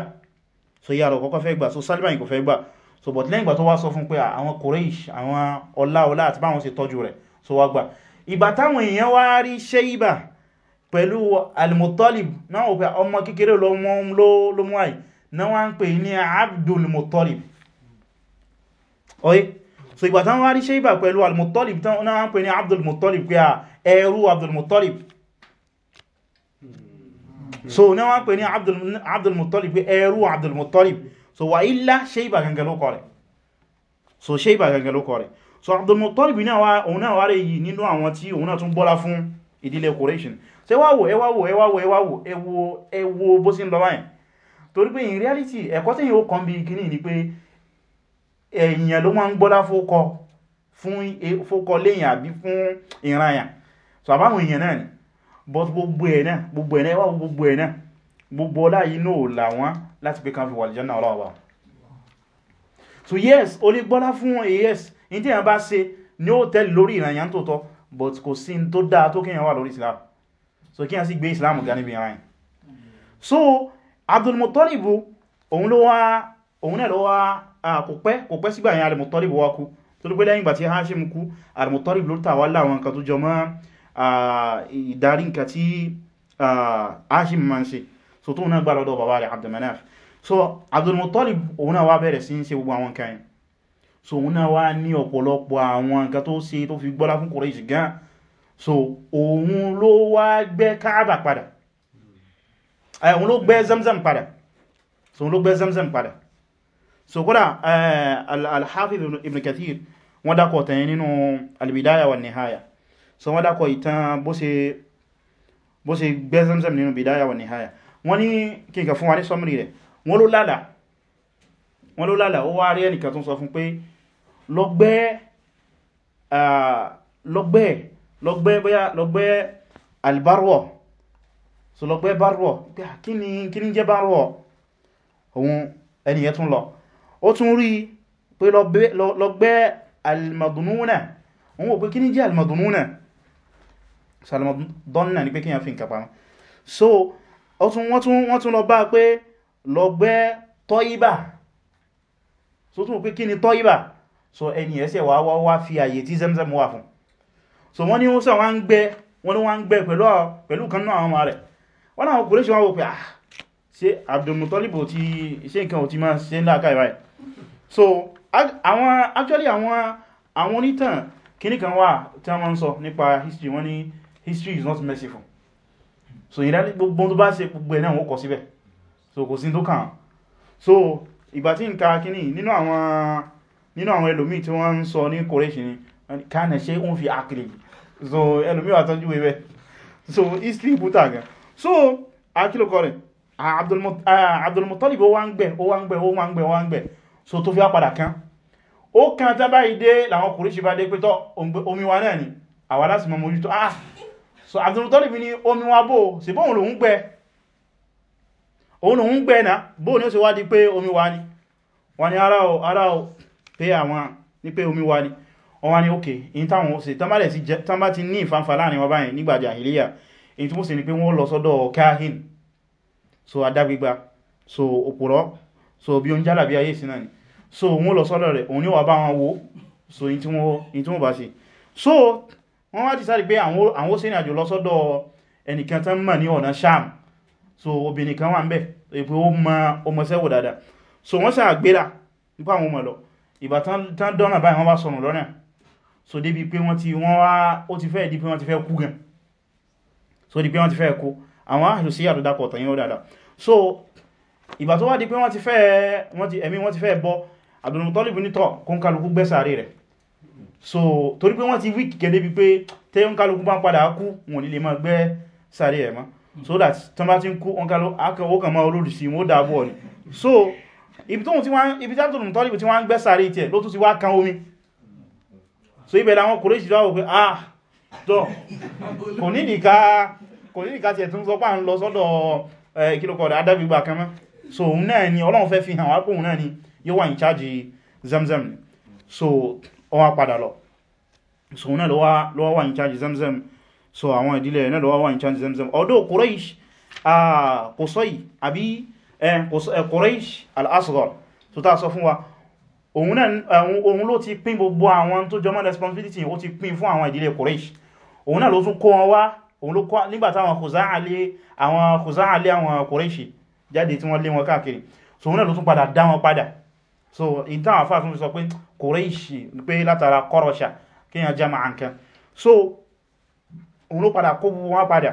so ìyá rẹ̀ kọ́kọ́ fẹ́ gbà so Salman kò fẹ́ gbà so but lẹ́yìn ìgbà tó wá sọ fún pé ah, àwọn Quraysh àwọn ọlá ọlá àti báwọn ṣe tọ́jú rẹ̀ so wá gbà ìgbà táwọn èèyàn wá rí Shayba pẹ̀lú al náà wọ́n pé ọmọ kékeré ló mú àì náà wá ń pè ní Abdul ọ̀yẹ́ so ìgbà tán wá rí ṣe ìbà pẹ̀lú al-Muttalib tán náà ń pè ní Abdul-Muttalib pé à ẹrú Abdul-Muttalib so náà wá ń pè ní Abdul-Muttalib pé ẹrú Abdul-Muttalib so wà ilá ṣe ìbà gangan ló rẹ̀ so ṣe ìbà gangan so Abdul-Muttalib náà òun náà wá rẹ̀ yìí nínú àwọn tí òun náà tún bọ́lá fún ìdílé Quraysh ṣe wá wò ẹwà wò ẹwà wò ẹwà wò ẹwò ẹwò bó sí ń lọ èèyàn ló máa ń gbọ́lá fókọ fún e, fókọ léyìn àbí fún ìranyàn so àbáwọn èèyàn náà ni but gbogbo ẹ̀ náà gbogbo ẹ̀ náà wà gbogbo ẹ̀ náà gbogbo ọlá yìí náà làwọn láti pé kan fi wà lìjọ́nà ọlọ́ọ̀bà so yes o lè gbọ́lá fún yes ní tí èèyàn bá ṣe ní ó tẹ́lẹ̀ lórí ìranyàn tó tọ́ but kò sí tó dáa tó kíyàn wà lórí Islam so kíyàn sì gbé Islam ga níbi ìranyàn so Abdul Muttalibu òun ló wá òun náà ló wá àkópẹ́ ah, kópẹ́ sígbà yẹn al-Muttalib wá kú tó ló pé lẹ́yìn ìgbà tí Hashim kú al-Muttalib ló tàwà láwọn nǹkan tó jọ mọ́ ìdarí nǹkan tí Hashim máa ń ṣe so tó náà gbà lọ́dọ̀ bàbá rẹ̀ Abdul Manaf so Abdul Muttalib òun náà wá bẹ̀rẹ̀ sí ń ṣe gbogbo àwọn nǹkan yẹn so òun náà wá ní ọ̀pọ̀lọpọ̀ àwọn nǹkan tó ṣe tó fi gbọ́lá fún Quraysh gan so òun ló wá gbẹ́ Káàbà padà òun ló gbẹ́ Zamzam padà so òun ló gbẹ́ Zamzam padà so kódà eh, al-Hafiz ibn Kathir wọ́n dákọ̀ tẹ̀yìn nínú al-Bidaya wa nihaya so wọ́n dákọ̀ ìtàn bó ṣe gbé Zamzam nínú Bidaya wa nihaya wọ́n ní kíkà fún wa ní sọmrí rẹ̀ wọ́n ló lálà wọ́n ló lálà ó wá rí ẹnìkan tó sọ fún pé lọ́gbẹ́ albarwọ̀ so lọ́gbẹ́ barwọ̀ kí ni jẹ́ barwọ̀ òun ẹniyẹ tún lọ ó tún rí pé lọ gbẹ́ almadununa wọ́n wò pé kí ní jẹ́ almadununa salmadonna ni pé kí yàn fi nǹkan pamọ́ so wọ́n tún lọ bá pé lọ gbẹ́ tọ́íbà so tún pé kí ni tọ́íbà so ẹni ẹsẹ̀ wà wá fi àyè tí zemzem wà fún so wọ́n ni ó sọ wọ́n ń gbẹ́ wọ́n ni wọ́n ń gbẹ́ pẹ̀lú kan náà àwọn ọmọ rẹ̀ wọ́n náà kùrẹ́ṣì wọ́n wò pé ah ṣe Abdul ti ṣe nǹkan ò ti máa ṣe ńlá káìbáyìí so àwọn actually àwọn àwọn onítàn kìíní kan wà tí wọ́n ń sọ nípa history wọ́n ní history is not merciful so ìdá gbogbo tó bá ṣe gbogbo ẹ̀ náà wọ́n kọ síbẹ̀ so kò sí tó kàn so ìgbà tí n ka kìíní nínú àwọn nínú àwọn ẹlòmí tí wọ́n ń sọ ní Quraysh ni kánà ṣe ń fi àkìlì so ẹlòmí wà tọ́jú ewé so history put gan so akílòkọ rẹ̀ Abdul Muttalib ó wá ń gbẹ̀ ó wá ń gbẹ̀ ó wá ń gbẹ̀ ó wá ń gbẹ̀ so tó fi á padà kán ó kàn tán báyìí dé làwọn kùrìṣì bá dé pétọ́ omi wa náà ni àwa láti mọ mójútó ah so Abdul Muttalib ní omi wa bó sì bóhun lòun gbẹ òun lòun gbẹ náà bóhun ni ó sì wá di pé omi wa ni wọ́n ni ara o ara o pé àwọn ní pé omi wa ni wọ́n wá ní òkè in táwọn ó sì tán bá ti ní ìfànfà láàrin wọn báyìí nígbà jàhílíyà in tí mo sì ní pé wọ́n lọ sọ́dọ̀ kahin so adágbígba so òpùrọ́ so bí o ń jálà bí ayé sí ni so wọ́n lọ sọ́lọ̀ rẹ̀ òun ni wà bá wọn wo so in tí wọ́n bá ṣe so wọ́n wá ti sáré pé àwọn ó sẹ́rìn àjò lọ sọ́dọ̀ ẹnìkan tán mọ̀ ní ọ̀nà sham so obìnrin kan wà ń bẹ̀ pé ó mọ ọmọṣẹ́wò dáadáa so wọ́n sàn àgbéra nípa àwọn ọmọ lọ ìgbà tán dọ́nà báyìí wọ́n bá sọnù lọ́nà so débi pé wọ́n ti wọ́n wá ó ti fẹ́ di pé wọ́n ti fẹ́ kú gan so di pé wọ́n ti fẹ́ kú àwọn àṣòsí àdúdàpọ̀ tàn yín ó dáadáa so ìgbà tó wá di pé wọ́n ti fẹ́ ẹ̀mí wọ́n ti fẹ́ bọ́ Abdul Muttalib nítọ̀ kó ń kálukú gbẹ́sàárè rẹ̀ so torí pé wọ́n ti wíkì kẹ́dẹ́ bí pé tẹ́ ń kálukú bá ń padà kú wọn nílé máa gbẹ́ sáré so that tán bá ti ń kú wọn kálukú akẹwọ́ kan máa olóòrì sí wọ́n dáàbọ̀ ni so ibi tóhun tí wọ́n ibi tí Abdul Muttalib tí wọ́n ń gbẹ́ sáré tiẹ̀ ló tún ti wá kan omi so ibẹ̀ làwọn Quraysh dáwọ̀ pé ah tọ́ kò nídìí ká tiẹ̀ tún sọ pà ń lọ sọ́dọ̀ kílùkọ̀ọ̀dà adábìgbà kan so òun náà ni ọlọ́run fẹ́ fi hàn wá pé náà ni yóò wà in charge zamzam so ó wá padà lọ so òun náà ló wá wà in charge so àwọn ìdílé náà ló wá wà in charge zamzam ọdọ́ Quraysh Qusay àbí Quraysh al-Asghar tó sọ fún wa òun ló ti pín gbogbo àwọn tó jọmọ́ responsibility ó ti pín fún àwọn ìdílé Quraysh òun náà ló tún kó wọn wá òun ló kó nígbàtà àwọn Khuza'a lé àwọn Qurayshi jáde tí wọ́n lé wọn káàkiri so wọn náà ló tún padà dá wọn padà so in táwọn afáà tún fi sọ pé Kùrẹ́ṣì pé látara kọ́rọ̀ṣà kíyàn jama nǹkan so òun ló padà kó wọn padà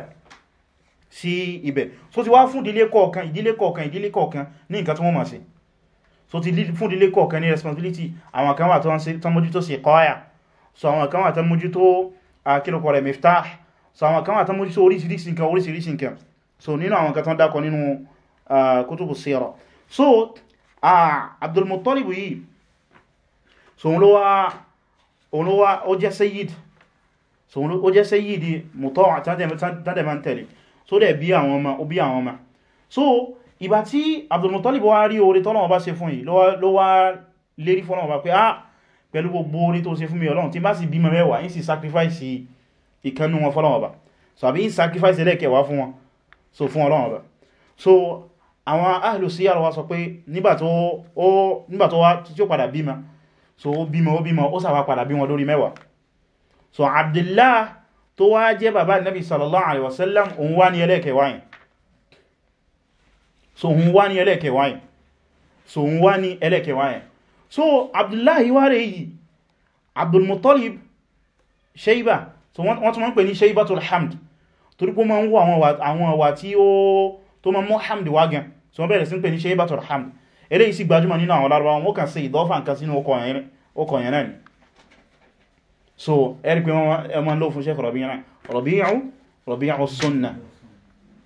sí ibẹ̀ so ti wá fún ìdílé kọ̀ọ̀kan ìdílé kọ̀ọ̀kan ìdílé kọ̀ọ̀kan ní nǹkan tí wọ́n mọ̀ sí so ti fún ìdílé kọ̀ọ̀kan ní responsibility àwọn kan wà tó ń mójútó sí kọ́ọ̀yà so àwọn kan wà tó ń mójútó àkírọ̀kọ̀ rẹ̀ miftah so àwọn kan wà tó ń mójútó oríṣiríṣi nǹkan oríṣiríṣi nǹkan so nínú àwọn kan tó ń dákọ nínú kútùbù síra so Abdul Muttalib yìí so òun ló wá ó jẹ́ sayyid so ó jẹ́ sayyidi Muta' tàdẹ̀mà tẹ̀lé so dẹ̀ bí àwọn ọmọ ó bí àwọn ọmọ so ìgbà tí Abdul Muttalib wá rí oore tọ́lọ́run bá ṣe fún yìí ló wá lérí fọ́lọ́run bá pé ah pẹ̀lú gbogbo oore tó ṣe fún mi Ọlọ́run tí bá sì bímọ mẹ́wàá yìí sì sacrifice ìkanú wọn fọ́lọ́run bá so àbí sacrifice ẹlẹ́kẹ̀wàá fún wọn so fún Ọlọ́run bá so àwọn ahlu siyar wá sọ pé nígbà tó wá tí ó padà bímọ so ó bímọ ó bímọ ó sàwá padà bí wọn lórí mẹ́wàá so abdullah tó wá jẹ́ bàbá nabi sallallahu alaihi wasallam òun wá ní ẹlẹ́kẹwàáyìn so òun wá ní so òun wá ní ẹlẹ́kẹwàáyìn so abdullah wá rẹ̀ yìí abdulmutalib sheiba so wọ́n tún wọ́n pè ní sheibatul hamd torípó ma ń wọ àwọn wà so wọ́n bẹ̀rẹ̀ sí ń pè ní shaybatul hamd eléyìí sì gbajúmọ̀ nínú àwọn Lárúbáwá wọ́n kàn sí ìdọ́fà nǹkan sínú ọkọ̀ náà so ẹ̀rí pé wọ́n máa ń lò fún Sheikh Rabi'u Rabi'u Rabi'u Sunnah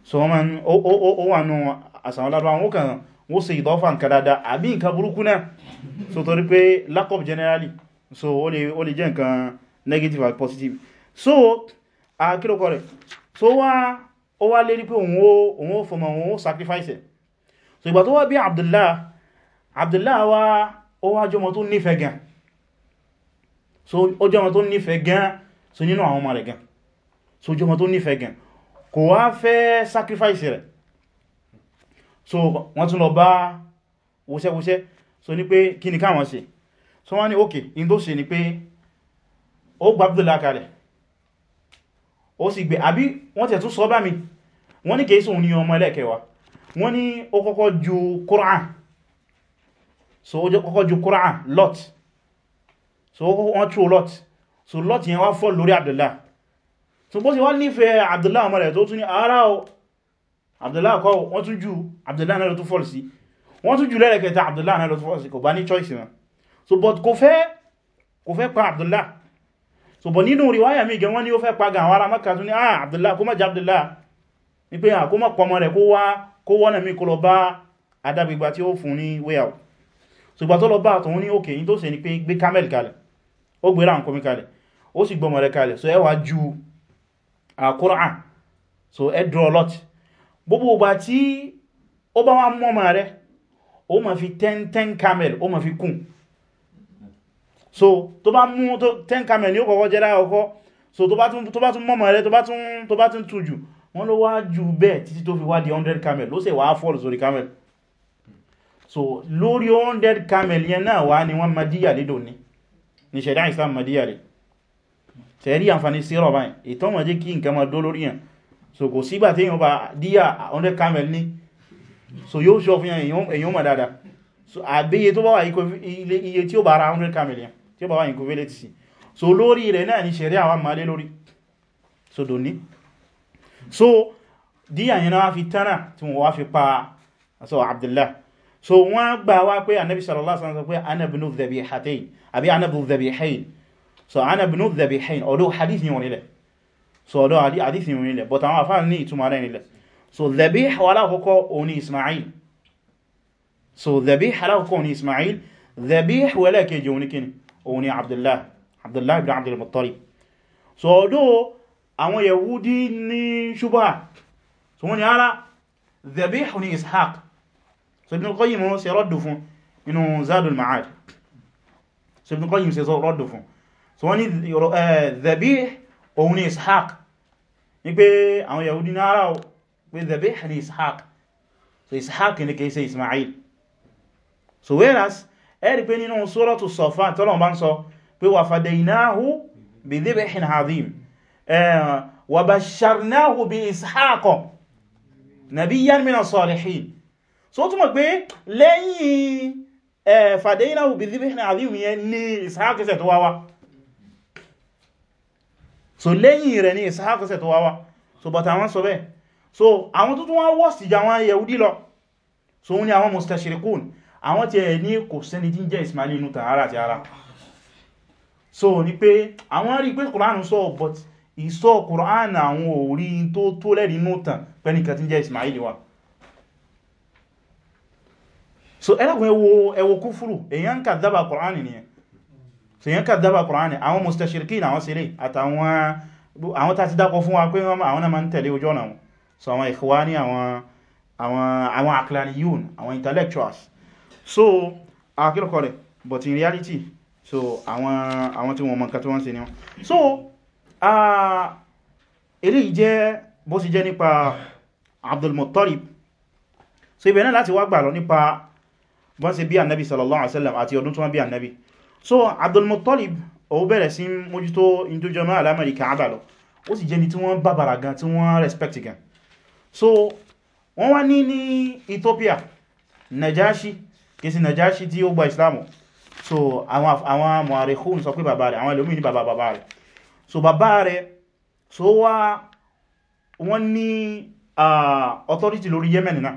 so wọ́n máa ń ó wà nù àsàwọn Lárúbáwá wọ́n kàn wọ́n sí ìdọ́fà so torí pé generally so ó lè jẹ́ negative and positive so àkílòkọ so wá ó wá lérí pé òun ó fọmọ òun ó sacrifice it so ìgbà tó wá bí Abdullah Abdullah wá ó wá jọmọ tó nífẹ̀ẹ́ gan so ó jọmọ tó nífẹ̀ẹ́ gan so nínú àwọn ọmọ rẹ̀ gan so jọmọ tó nífẹ̀ẹ́ gan kò wá fẹ́ sacrifice rẹ̀ so wọ́n tún lọ bá wọ́sẹ́wọ́sẹ́ so ní pé kí ni káwọn ṣe so wọ́n ní okay in tó ṣe ni pé ó gba Abdullah kalẹ̀ ó sì gbé àbí wọ́n tẹ̀ tún sọ bá mi wọ́n ní kèé sóhun ní ọmọ ẹlẹ́kẹwàá wọ́n ní ó kọ́kọ́ ju kúrán so ó kọ́kọ́ ju kúrán lot so wọ́n tú lot so lot yẹn wá fọ́ lórí Abdullah so bó sì wá nífẹ̀ẹ́ Abdullah ọmọ rẹ̀ tó tún ní ara o Abdullah kọ́ wọ́n tún ju Abdullah náà lọ tún fọ́lù sí wọ́n tún ju lẹ́rẹ̀kẹta Abdullah náà lọ tún fọ́lù sí kò bá ní choice náà so but kò fẹ́ kò fẹ́ pa Abdullah so but nínú riwaya mi gan wọ́n ní ó fẹ́ pa gan àwọn ará tún ní ah Abdullah kó má jẹ́ Abdullah ní pé àkó ah, má pọmọ rẹ̀ kó wá kó wọ́nà mí kó lọ bá adágbègbà tí ó fún ní way out ṣùgbà tó lọ bá àtọ̀hún ní òkè yí tó ṣe ni pé gbé camel kalẹ̀ ó gbé ráhùn kọmí kalẹ̀ ó sì gbọmọ̀ rẹ̀ kalẹ̀ so ẹwà ju àkúrà so ẹ draw lot gbogbo ọgbà tí ó bá wá mọ́mọ̀ rẹ̀ ó ma camel ó ma fi so tó bá mú 10 camel ní ó kọ̀kọ́ jẹ́ so tó bá tún mọ́mọ̀ rẹ̀ tó bá tún tù jù wọ́n ló wá jù bẹ́ẹ̀ títí tó fi wá di 100 camel ló sì wá fọ́lù sórí camel so lórí 100 camel yẹn náà wá ni wọ́n madíyà lédò ní ní ṣẹ̀dá Islam madíyà rẹ̀ tẹ̀rí àǹfàní sírọ̀ báyìí ìtọ́ mọ̀ jẹ́ kí nǹkan mọ̀ dó lórí yẹn so kò sígbà tí èyàn bá díyà 100 camel ní so yóò ṣọ́ fi èyàn mọ̀ dáadáa so àgbéye tó bá wà iye tí ó bá ra 100 camel yẹn tí ó bá wà ìkòfẹ́lẹ̀ sí so lórí rẹ̀ náà ni ṣẹ̀rí àwọn mọ̀ lé lórí so dò so díyà yẹn náà fi tánà tí wọ́n wá fi pa so Abdullah so wọ́n gbà wá pé anabi sallallahu alaihi wasallam pé anabinu dhabihatain àbí anabu so anabinu dhabihain ọ̀dọ̀ hadith yìí wọ́n nílẹ̀ so ọ̀dọ̀ hadith yìí wọ́n but àwọn afáà ní ìtumọ̀ so dhabih alákọ̀ọ́kọ́ òun ni Ismail so dhabih alákọ̀ọ́kọ́ òun ni Ismail dhabih wẹ́lẹ́kejì òun ni kíni òun ni Abdullah Abdullah ibn Abdul Muttalib so ọ̀dọ̀ àwọn yahudi ní ṣubá so wọ́n ni ara zabihu ni ishaq so Ibn Qayyim wọ́n ṣe rọ́dù fún inú Zadul Ma'ad so Ibn Qayyim ṣe rọ́dù fún so wọ́n ni zabihu eh, òun ni ishaq ní pé àwọn yahudi ní ara pé zabihu ni ishaq so ishaq ni kìí ṣe ismail so whereas ẹ̀rí pé nínú suratu Saffat tọ́lọ̀ bá ń sọ pé wa fadaynahu bi dhibhin adhim wàbàṣàrnáhù bí ìsáàkọ̀ nabiyyan mina salihin so túnmọ̀ pé lẹ́yìn fàdéyìnáhù bí zíbí àdíwì yẹn ní ìsáàkọsẹ̀ tó wáwá so lẹ́yìn rẹ̀ ní ìsáàkọsẹ̀ tó wáwá so bọ̀tà wọ́n sọ bẹ́ẹ̀ so àwọn tó tún wá wọ́ sí jàwọn yẹ̀údí lọ so wọ́n ni àwọn mustashirikun àwọn tí ẹ̀ ní kò sẹ́ni tí ń jẹ́ Ismaili inú tààrà ti so ni pé àwọn rí pé Kùránù sọ but ìsọ́ Kùránì àwọn orí tó tó lẹ́rí nútàn pẹ́nìkan tí jẹ́ Ismaili wa so ẹlẹ́kùn ẹwọ kúfúrù èyàn kà dábà Kùránì ni so èyàn kà dábà Kùránì àwọn mustashiriki na wọ́n sílẹ̀ àtàwọn tàti dákọ fún wa pé àwọn náà ma ń tẹ̀lé ojú so àwọn ikhwani àwọn but in reality so àwọn tí wọ́n mọ̀ nǹkan tí wọ́n ṣe ni wọ́n so eléyìí jẹ́ bó sì jẹ́ nípa Abdul Muttalib so ibẹ̀ náà láti wá gbà lọ nípa bọ́n ṣe bí annabi sallallahu alaihi wasallam àti ọdún tó wọ́n bí annabi so Abdul Muttalib ó bẹ̀rẹ̀ sí mójútó indójọmọ́ alamari Kaaba lọ ó sì jẹ́ ni tí wọ́n bàbàrà gan tí wọ́n respect gan so wọ́n wá ní ní Ethiopia Najashi kìí sí Najashi tí ó gba Islamu so àwọn àwọn mu'arrikhun sọ pé bàbá rẹ̀ àwọn ẹlòmíì ní bàbá bàbá rẹ̀ so bàbá rẹ̀ so wá wọ́n ní authority lórí Yemen náà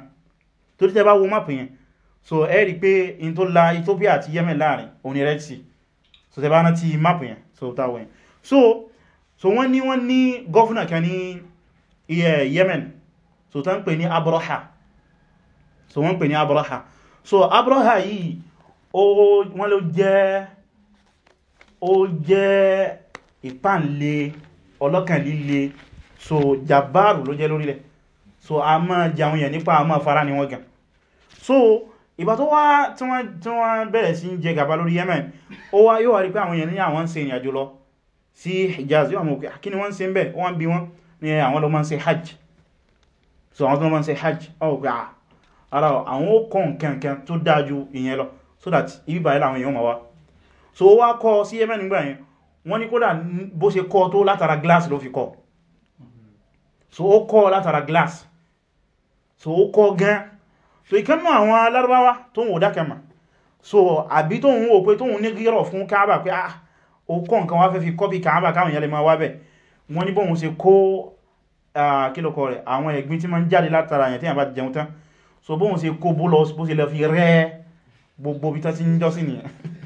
tó títẹ́ bá wo map yẹn so ẹ rí pé in tó la Ethiopia àti Yemen láàrin òní Red Sea so tẹ́ bá ná ti map yẹn so táwọn yẹn so so wọ́n ní wọ́n ní governor kan ní Yemen so tán pè ní Abraha so wọ́n pè ní Abraha so Abraha yìí ó wọ́n ló jẹ́ ó jẹ́ ìpáǹle ọlọ́kàn líle so jàbáàrù ló jẹ́ lórílẹ̀ so a máa jẹun yẹn nípa a máa fara ní wọ́n gan so ìgbà tó wá tí wọ́n bẹ̀rẹ̀ sí jẹ gàba lórí Yemen ó wá yóò wá rí pé àwọn èèyàn ní àwọn ń ìrìn àjò lọ sí Hijaz yóò àmọ́ kí wọ́n ń ń bẹ̀ wọ́n bí wọ́n ní àwọn lọ máa hajj so àwọn tó máa hajj ọgbà ara àwọn ó kọ́ nǹkan tó dájú ìyẹn lọ so that ibi báyìí làwọn èèyàn máa wá so ó wá kọ́ sí Yemen nígbà yẹn wọ́n ní kódà bó ṣe kọ́ tó látara glass ló fi kọ́ so ó kọ́ látara glass so ó kọ́ gan so ìkẹ́nà àwọn alárúbáwá tó ń wò dákẹ́mà so àbí tó ń wò pé tó ń ní gírọ̀ fún káàbà pé ah ó kọ́ nǹkan wá fẹ́ fi kọ́bí káàbà káwọn yẹlẹ ma wá bẹ̀ wọ́n ní bóhun ṣe kó kílọ̀kọ́ rẹ̀ àwọn ẹ̀gbin tí ma ń jáde látara àyàn tí a bá jẹun tán so bóhun ṣe kó bó lọ bó ṣe lọ fi rẹ́ gbogbo bí tán ti ń jọ́sìn nìyẹn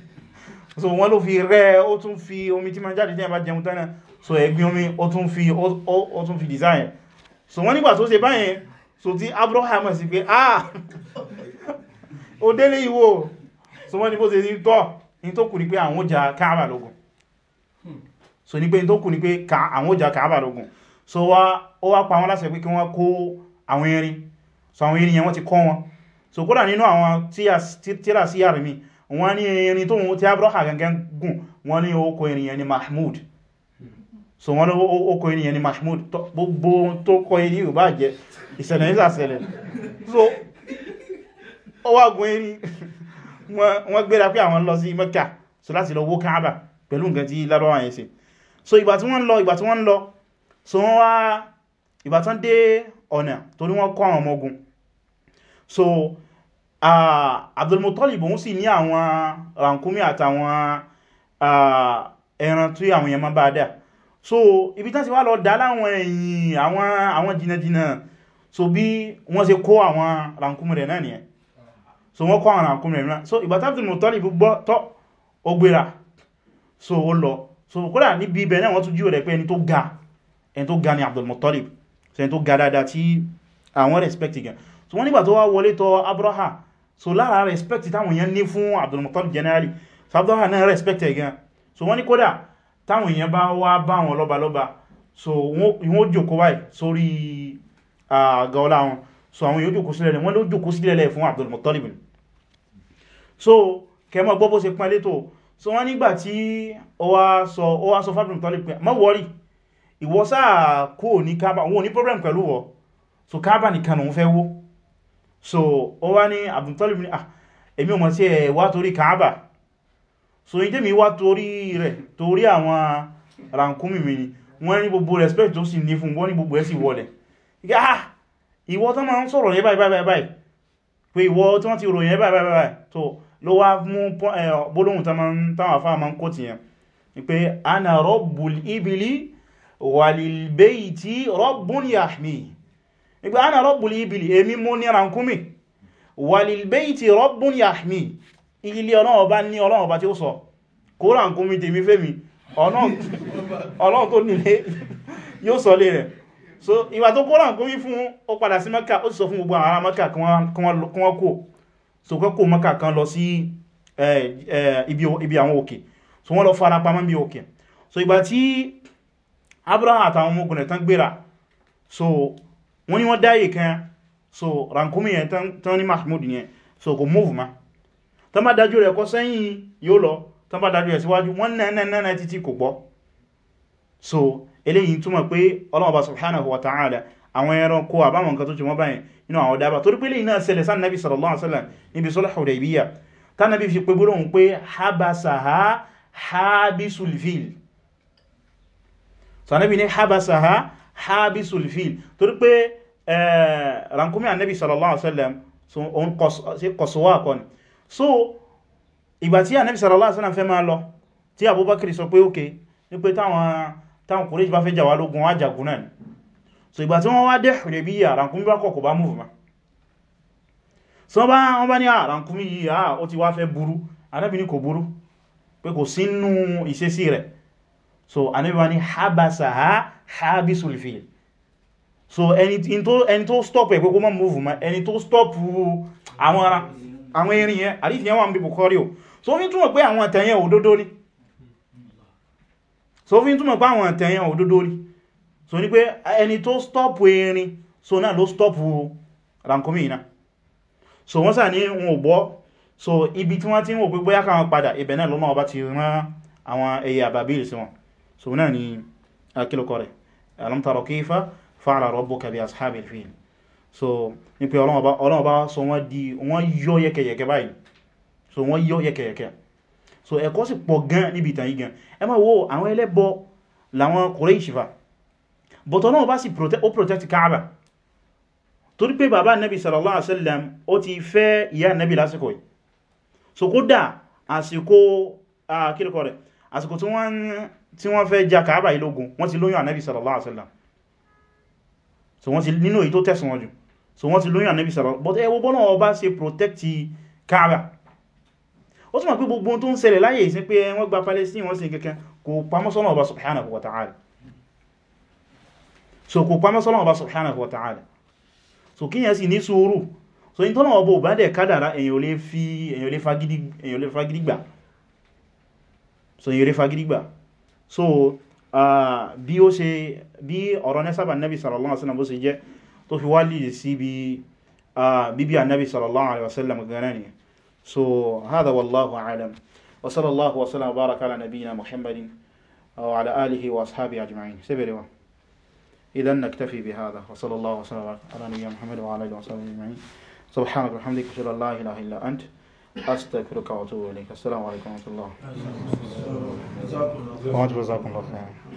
so wọ́n ló fi rẹ́ ó tún fi omi tí ma jáde tí a jẹun tánà so ẹ̀gbin omi ó tún fi ó tún fi design so wọ́n nígbà tó ṣe báyẹn so tí Abraham sì pé ah o délé ìwò so wọ́n ni bó ṣe ní tọ́ ní tó kù ní pé àwọn ọjà Káàbà lógún so ní pé ní tó kù ní pé àwọn ọjà Káàbà lógún so wá ó wá pa wọn láṣẹ pé kí wọ́n kó àwọn erin so àwọn erin yẹn wọ́n ti kọ́ wọn so kódà nínú àwọn tíra sí àrẹ̀mí wọ́n ní irin tó tí Abraha gangan gùn wọ́n ní okò irin ni Mahmud so wọ́n ní okò irin yẹn ni Mahmud gbogbo tó kọ irin yóò bá jẹ ìṣẹ̀lẹ̀ ìṣàṣẹ̀lẹ̀ so ó wá gùn irin wọ́n gbéra pé àwọn lọ sí Mẹ́kà so láti lọ wó Káàbà pẹ̀lú nǹkan so ìgbà tí so wọ́n wá ìgbà tán dé ọ̀nà so Abdulmutallib òun sì ní àwọn rankumi àtàwọn ẹran tí àwọn èèyàn máa bá dà so ibi tán ti wá lọ dá láwọn ẹ̀yìn àwọn jìnàjìnà so bí wọ́n ṣe kó àwọn rankumi rẹ̀ náà so wọ́n kó àwọn rankumi rẹ̀ so ìgbà tí Abdulmutallib gbọ́ tọ́ ó so ó lọ so kódà níbi ibẹ̀ náà wọ́n tún jú rẹ̀ pé ẹni tó ga ẹni tó ga ni Abdulmutallib so ẹni so wọ́n nígbà tó wá wọlé tọ̀ Abraha so lára respect táwọn èèyàn ní fún Abdul Muttalib generally so abdullahi náà respect ẹ̀ gan so wọ́n ní kódà táwọn èèyàn bá wá bá wọn lọ́balọ́ba so wọ́n jòkó báyìí sórí àga ọlá wọn so àwọn èèyàn jòkó sílẹ̀ wọ́n ló jòkó sílẹ̀ fún Abdul Muttalib so kẹmọ́ gbọ́ bó ṣe pín so wọ́n nígbà tí ó wá sọ ó wá sọ fún Abdul Muttalib pé má worry ìwọ sáà kò ní Kaaba wọn ò ní problem pẹ̀lú wọ so Kaaba nìkan òun fẹ́ wó so ó wá ní Abdultalib ní ah èmi ò mọ̀ sí ẹ̀ wá torí Kaaba so ní tèmi wá torí rẹ̀ torí àwọn rankumi mi ni wọ́n ní gbogbo respect tó sì ní fún wọ́n ní gbogbo ẹ̀ sì wọlẹ̀ ah ìwọ tó máa ń sọ̀rọ̀ yẹ báyìí báyìí pé ìwọ tó wọ́n ti ròyìn yẹ báyìí báyìí tó ló wá mú gbólóhùn táwọn afá máa ń kó tìyàn ni pé ana rabbul ibili walil bayti yahmi nígbà ana rabbul ibili èmi mú ní rankumi walil bayti rabbun yahmi ilé ọlọ́wọ́ bá ní ọlọ́wọ́ bá tí ó sọ kó rankumi tèmi fẹ́mi ọlọ́wọ́ nílé yóò sọ lé rẹ̀ so ìwà tó kó rankumi fún ó padà sí maka ó so kọ́ kó maka kan lọ sí so wọ́n lọ fara pamọ́ bí so ìgbà tí Abraham àtàwọn so wọ́n ní wọ́n dáyé kan so rankumi yẹn tán ní mahmud yẹn so kò move ma tán bá dájú rẹ̀ kọ́ sẹ́yìn yóò lọ tán bá dájú rẹ̀ síwájú wọ́n náà náà náà títí kò gbọ́ so eléyìí túmọ̀ pé ọlọ́ọ̀bá subhanahu wa ta'ala àwọn ẹranko àbáwọn nǹkan tó jẹ mọ́ báyìí nínú àwọn dábà torí pé lẹ́yìn náà ṣẹlẹ̀ sáà nàbí sallallahu alaihi wasallam níbi sulh Hudaybiyah tánàbí fi pé gbólóhùn pé habasaha habisul fil sànàbí habasaha habisul fil torí pé rankumi annabi sallallahu alaihi wasallam so on kọsọwà kọ ni so ìgbà tí annabi sallallahu alaihi wasallam fẹ́ máa lọ tí abubakar sọ pé ókè ní pé táwọn kòrèjì bá fẹ́ jà wá lógun wá jagun náà ni so ìgbà tí wọ́n wá dé Hudaybiyyah rankumi bá kọ̀kọ̀ bá múùfù ma so wọ́n bá ní ah, rankumi yìí ah ó ti habisul fi'l so ẹni tó stop ẹ̀kọ́ kó mọ́ move mọ́ ẹni tó stop àwọn erin yẹn àrífì yẹn wà ń bí Bukhari o so fi túnmọ̀ pé àwọn àtẹ̀yẹn òdodo ni so fi túnmọ̀ pé àwọn àtẹ̀yẹn òdodo ni so ní pé ẹni tó stop erin so náà ló stop rankomi iná so wọ́n sà ní wọn ò gbọ́ so ibi tí wọ́n ti ń wò pé bóyá káwọn padà ibẹ̀ náà lọ́nà ọba ti rán àwọn ẹyẹ àbàbílì sí wọn so náà ni akílùkọ rẹ̀ alam tara kayfa fa'ala rabbuka bi ashabil fil so ní pé Ọlọ́run bá sọ wọ́n di wọ́n yọ yẹ́kẹ̀yẹ̀kẹ́ báyìí so wọ́n yọ yẹ́kẹ̀yẹ̀kẹ́ so ẹ̀kọ́ sì pọ̀ gan níbi ìtàn yìí gan ẹ máa wo àwọn ẹlẹ́bọ làwọn Quraysh fa but Ọlọ́run bá sì ó protect Kaaba torí pé bàbá Nabi sallallahu alaihi wasallam ó ti fẹ́ ìyá Nabi lásìkò yìí so kódà àsìkò àkílùkọ rẹ̀ àsìkò tí wọ́n tí wọ́n fẹ́ jà kàábà ilógun wọ́n ti lóyún ànábì sallallahu alaihi wasallam so wọ́n ti nínú èyí tó tẹ̀sùn wọn jù so wọ́n ti lóyún ànábì sallallahu but ẹ wo bọ́nà ọba ṣe protect kàábà ó túnmọ̀ pé gbogbo tó ń ṣẹlẹ̀ láyé ìsìn pé wọ́n gba Palestine wọ́n sì kẹ́kẹ́ kò pamọ́ sọ́nà ọba so kò lè fagídígbà so bí ó ṣe bí ọ̀rọ̀ nẹ́sàbà nabi sallallahu alaihi wasallam bó ṣe jẹ́ tó fi wá lìdí bí bíbí annabi sallallahu alaihi wasallam ni so hada wallahu alam wa sallallahu wa sallam baraka ala muhammadin wa ala alihi wa ajma'in idan naktafi bi hada wa sallallahu wa sallam ala muhammadin wa ala alihi wa ajma'in la ilaha illa anta أستغفرك وأتوب إليك السلام عليكم ورحمة الله وبركاته جزاكم الله خيرا